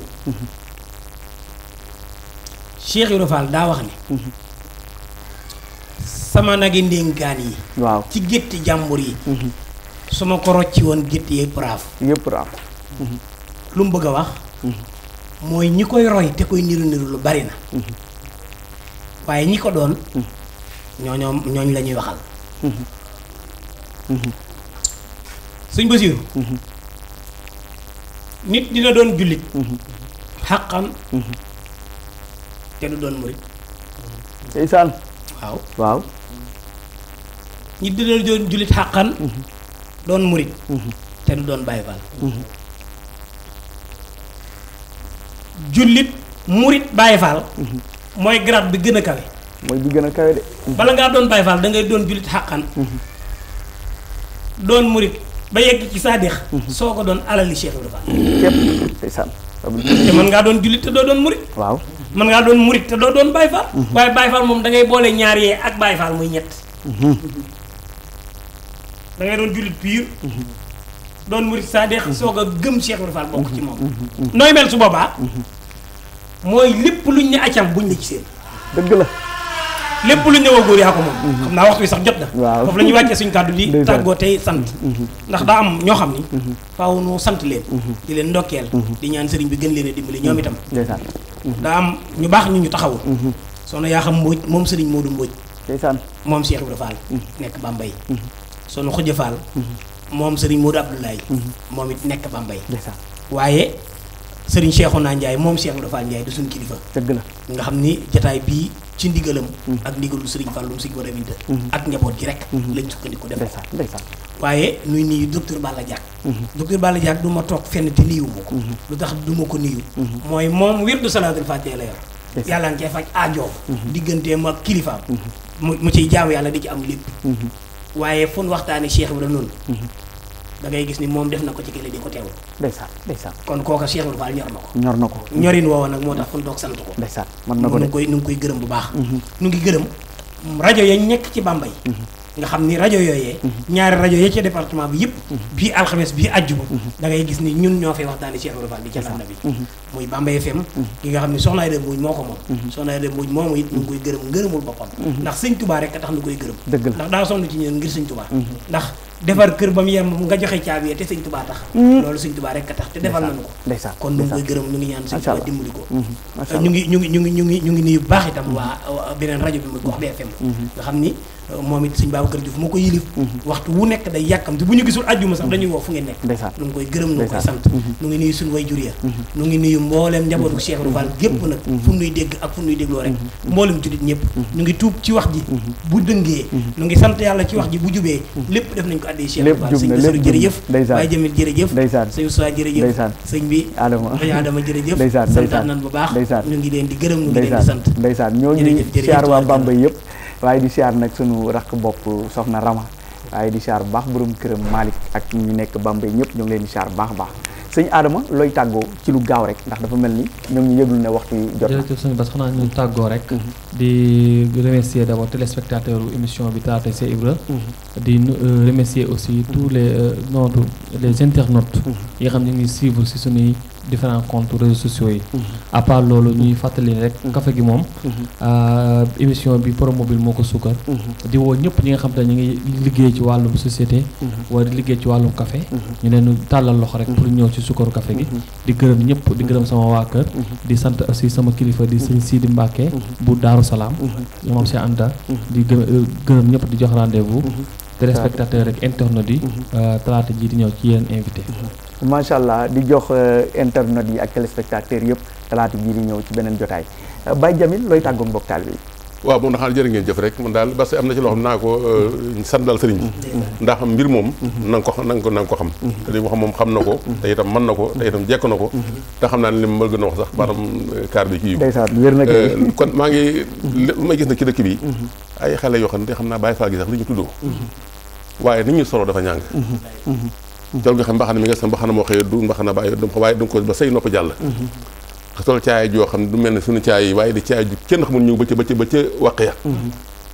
Cheikh Ibra daa wax ni. sama nag yi ndénkaan yi. ci gétti jàmbur yi. su ma ko rocci woon gétt yëpp raaf yëpp raaf mhm. lu mu bëgg a wax mhm. mooy ñi koy roy te koy niru niru lu bari na mhm. waaye ñi ko doon ñooñoom ñooñ la ñuy waxal sëñ Basiiru nit dina doon jullit xaqan te du doon murit ndeysaan waaw waaw nit dina doon jullit xaqan Don murit mhm. te du don Baye Fall mhm. jullit murit Baye Fall mhm. mooy grade bi gëna kawé moy bi gëna kawé dé bala nga don Baye Fall da ngay doon jullit xàqan don murit ba yegg ci saadix soko don doon alali Cheikh Ibrahima képp ndeysaan te man nga don julit te do don murit waw man nga don murit te do don Baye Fall waaye Baye da ngay bolé ñaar yee ak Baye muy ñett da ngay doon jullit pire. doon murit saadeex mhm. soog a gëm Cheikh Ibra Fall bokk ci mhm. moom. Mhm. nooy mel su boobaa. mooy lépp luñ ne acam buñ la ci seen. dëgg la. lépp lu ñëwoo góor yaa ko moom. xam naa waxtu wi sax jot na. waaw foofu la ñuy wàccee suñu kàddu di tàggoo tey sant. ndax daa am ñoo xam ni. faaw noo sant leen. di leen ndokkeel. di ñaan sëriñ bi gën leen a dimbali ñoom itam. daa am ñu baax ñu ñu taxawul. soxna yaa xam Mbodj moom sëriñ Modou Mbodj. moom Cheikh Ibrahima Fall. nekk Bambey. sunu xuj faal mhm. moom sëriñ Modou laay mhm. moom it nekk Bambey waaye sëriñ Cheikhouna Ndiaye moom Cheikh Ndofal Ndiaye du suñ kilifa dëgg la nga xam ni jataay bii ci ndigalam mhm. ak ndigalu sëriñ Fallum si war aminta ak njaboot gi rek lañ sukkandiku def waaye nuy nuyu docteur Balla Diack docteur Balla Diack du ma toog fenn te nuyu ma lu tax du ko nuyu mooy moom wirdu salaatul fatiha la yor yàlla nga cee faj aajoom digganteem ak kilifaam mu ciy jaamu yàlla di ci am lépp waaye fun waxtaanee Cheikh la noonu. Mhm. da ngay gis ni moom def na ko ci kële di ko teewlu. ndeysaan ndeysaan kon kooka Cheikh Ibra Fall ñor na ko. ñor na ko ñorin woowu nag moo tax fun toog sant ko. ndeysaan man na ko de nu ngi koy nu ngi koy gërëm bu baax. Mhm. nu ngi gërëm rajo ya nekk ci Bambey. Mhm. nga xam ni rajo yooyee mhm. ñaari rajo yee ci département bi yëpp mhm. bii alxames bii àjjuma mhm. da ngay gis ni ñun ñoo fay waxtaane Cheikh Ibrahima Fall di ca ànd bi muy Bambey FM ki nga xam ne soxna Ayda Mbuuj moo ko moom soxna Ayda Mbuuj moomu it ñu ngi koy gërëm ngërëmul boppam ndax sëñ Touba rek a tax ñu koy gërëm ndax daa sonn ci ñun ngir sëñ Touba ndax defar keur bam yam nga joxe caabi ya te seigne touba tax mm. lolou seigne touba rek tax te defal nañ ko kon ñu ngi koy ñu ngi ñaan seigne touba dimbali ko mm-hmm. ñu ngi ñu ngi ñu ngi ñu ngi ñu ngi nuyu bax itam mm-hmm. wa benen radio bi muy gox BFM mm-hmm. nga xamni euh, momit seigne it keur Babacar Diouf moo ko yilif waxtu wu nek day yakam bu ñu gisul àjjuma sax dañuy wo fu ngeen nek ñu ngi koy gërëm ñu koy sant ñu ngi nuyu sun way juriya ñu ngi nuyu mbooleem njabotu Cheikh Rufal gep nak fu nuy deg ak fu nuy deglo rek mbooleem julit ñep ñu ngi tuup ci wax ji bu dëngee ñu ngi sant yalla ci wax ji bu jubé lepp def nañ ko àddee Cheikh lépp jub na lépp jërëjëf ndeysaan waaye jëmit jërëjëf ndeysaan sëñ Oussa jërëjëf bi Adama sëñ Adama jërëjëf ndeysaan santaan nan bu baax di gërëm ñu ngi leen di sant ndeysaan ñoo di siyaar nag sunu rakk bopp soxna Rama waaye di siyaar baax borom këram Malick ak ñu nekk Bamba ñëpp ñoo ngi leen di siar Bah Bah. sëñ Adama loy taggo ci lu gaaw rek ndax dafa melni ni ñoom ñu yeglu ne waxtu yi jot na jërëjëf sëñ Bass xanaa ñu tàggoo rek mhm. di remercier d'abord abord téléspectateur émission bi Taata Cheikh Ibra mhm. di euh, remercier aussi tous les euh, notre les internautes mhm. yi nga xam ñu suivre ci suñuy différents comptes réseaux sociaux yi mm-hmm. à part loolu ñuy mm-hmm. fàttali rek mm-hmm. café gi moom euh, émission bi promobile moo ko suukar di woo ñëpp ñi nga xam ne ñu ngi liggéey ci wàllum société wala di liggéey ci wàllum kafe ñu leen tàllal loxo rek pour ñëw ci sukkaru kafe gi di gërëm ñëpp di gërëm sama waa kër di sant aussi sama kilifa di sëñ Sidi Mbacke bu Daaru Salaam moom si Anta di gërëm ñëpp di jox rendez téléspectateurs ak internautes yi. Mhm. Euh, talaata jii di ñëw ci yéen invité. Mhm. macha allah di jox euh, internautes yi ak téléspectateurs yëpp talaata jii di ñëw ci beneen jotaay euh, Baye Jamil looy tàggoog mbokk taal bi. waaw moom na xam ne jërë ngeen jëf rek man daal parce que am na ci loo xam naa ko euh, sant daal sëriñ bi mm-hmm. Mm-hmm. ndax mbir moom mm-hmm. na nga ko na nga ko ko xam te li mu moom xam na ko te itam mën na ko te itam jekk na ko te naa ne li ma gën a wax sax maanaam euh, kaar bi kii yu euh, kon maa ngi may gis na ci dëkk bi ay xale yoo xam ne xam naa bàyyi faal gi sax li ñu tuddoo waaye ni ñuy solo dafa ñàng jol nga xam mbaxana mi nga sa mbaxana moo xëy du mbaxana bàyyi waaye du ko ba say nopp jàll sol caaya joo xam ne du mel ne suñu caaya yi waaye di caaya ju kenn xamul ñëw ba ca ba ba ca waq ya mm-hmm.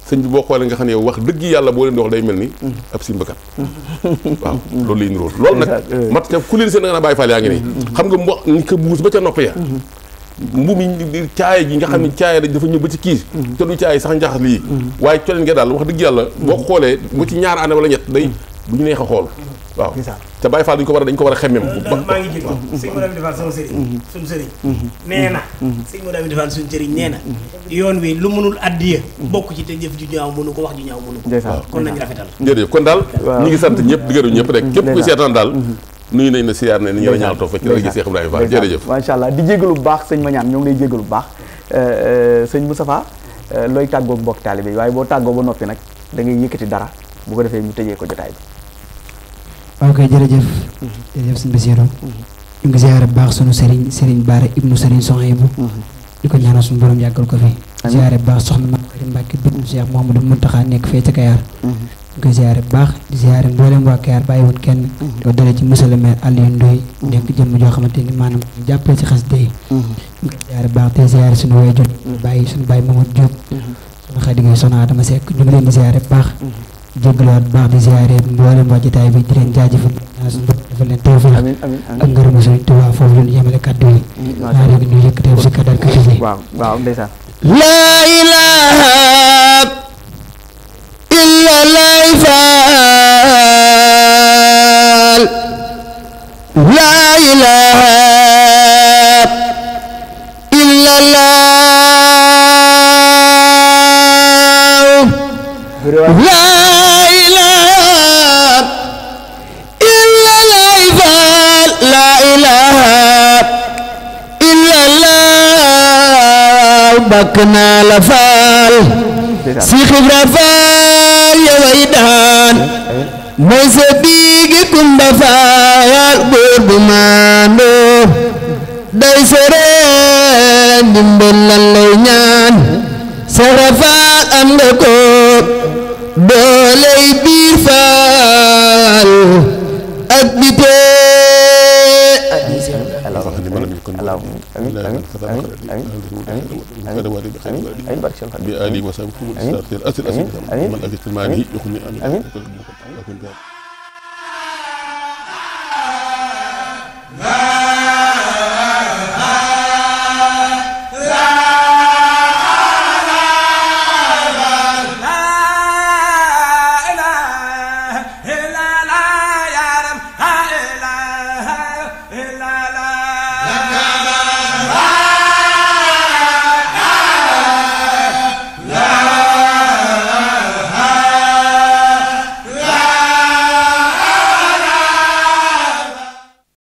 sëñ bi boo xoolee nga xam ne yow wax dëgg yàlla boo leen di mel ni mm-hmm. ab simbakat waaw loolu lay niróol loolu nag mat ca ku leen seen da nga naa xam nga mbo ni ba ca nopp ya mm-hmm. mbu mi caaya ji nga xam ne caaya dafa ñëw ba ci kii te du caaya sax njaxas lii waaye coleen nga daal wax dëgg yàlla boo xoolee ba ci ñaar ànd wala ñett day bu ñu neex a xool waaw te Baye Fall dañ ko war a ko war a xemmem maa ngi jig sëñ Modou Amy Defal sama sëriñ mm-hmm. suñu mm-hmm. mm-hmm. sëriñ nee na yoon wi lu mënul addiya bokk ci te jëf ju ñaaw ko wax ju ñaaw mënu kon nañ rafetal jërëjëf kon daal ngi sant ñëpp di ñëpp rek képp ku seetaan daal nuyu nañ la siyaar ne ni ñu la ñaal toog fa ci la gi Cheikh Ibrahima Fall jërëjëf macha allah di jégalu bu baax sëñ Mañaan ñoo ngi lay jégalu bu baax euh, euh, sëñ Moustapha euh, looy tàggoo mbokk taalibe waaye boo tàggoo ba noppi nag da ngay yëkkati dara bu ko defee ñu tëjee ko jotaay bi waaw kay jërëjëf jërëjëf sëñ Basiru ñu ngi ziyaare bu baax sunu sëriñ sëriñ Baara ibnu sëriñ Sohaybu di ko ñaanal suñu borom yàggal ko fi ziyaare bu baax soxna Maam Xari Mbàkke bindu Cheikh Mouhamadou Mountakha nekk fee ca bu baax di doo dalee ci monsieur le maire Alioune Ndoye nekk jëmm joo xamante ni maanaam jàppale ci xas day ñu koy ziyaare bu baax te ziyaare suñu waajur bàyyi suñu bàyyi Mamadou Diop suñu xarit gi soxna Adama Seck ñu ngi leen di ziyaare baax jégalaat baax di ziare mboolem waa jotaay bi di leen jaajëfal naa suñu bopp dafa leen tawfiq ak ngërëmu Sëriñ Tuubaa foofu la ñu yemale kàddu yi naa rek ñu yëkkatee si kadar ko ci waaw waaw ndeysaan laa ilaaha illa laa bakk na la faal si xibra faal yoway daan mooy sa biigi kumba faal buur bu day sereen dimbal lan lay ñaan sara faal am nga ko dooley biir faal ak bitee امين امين امين امين امين امين امين امين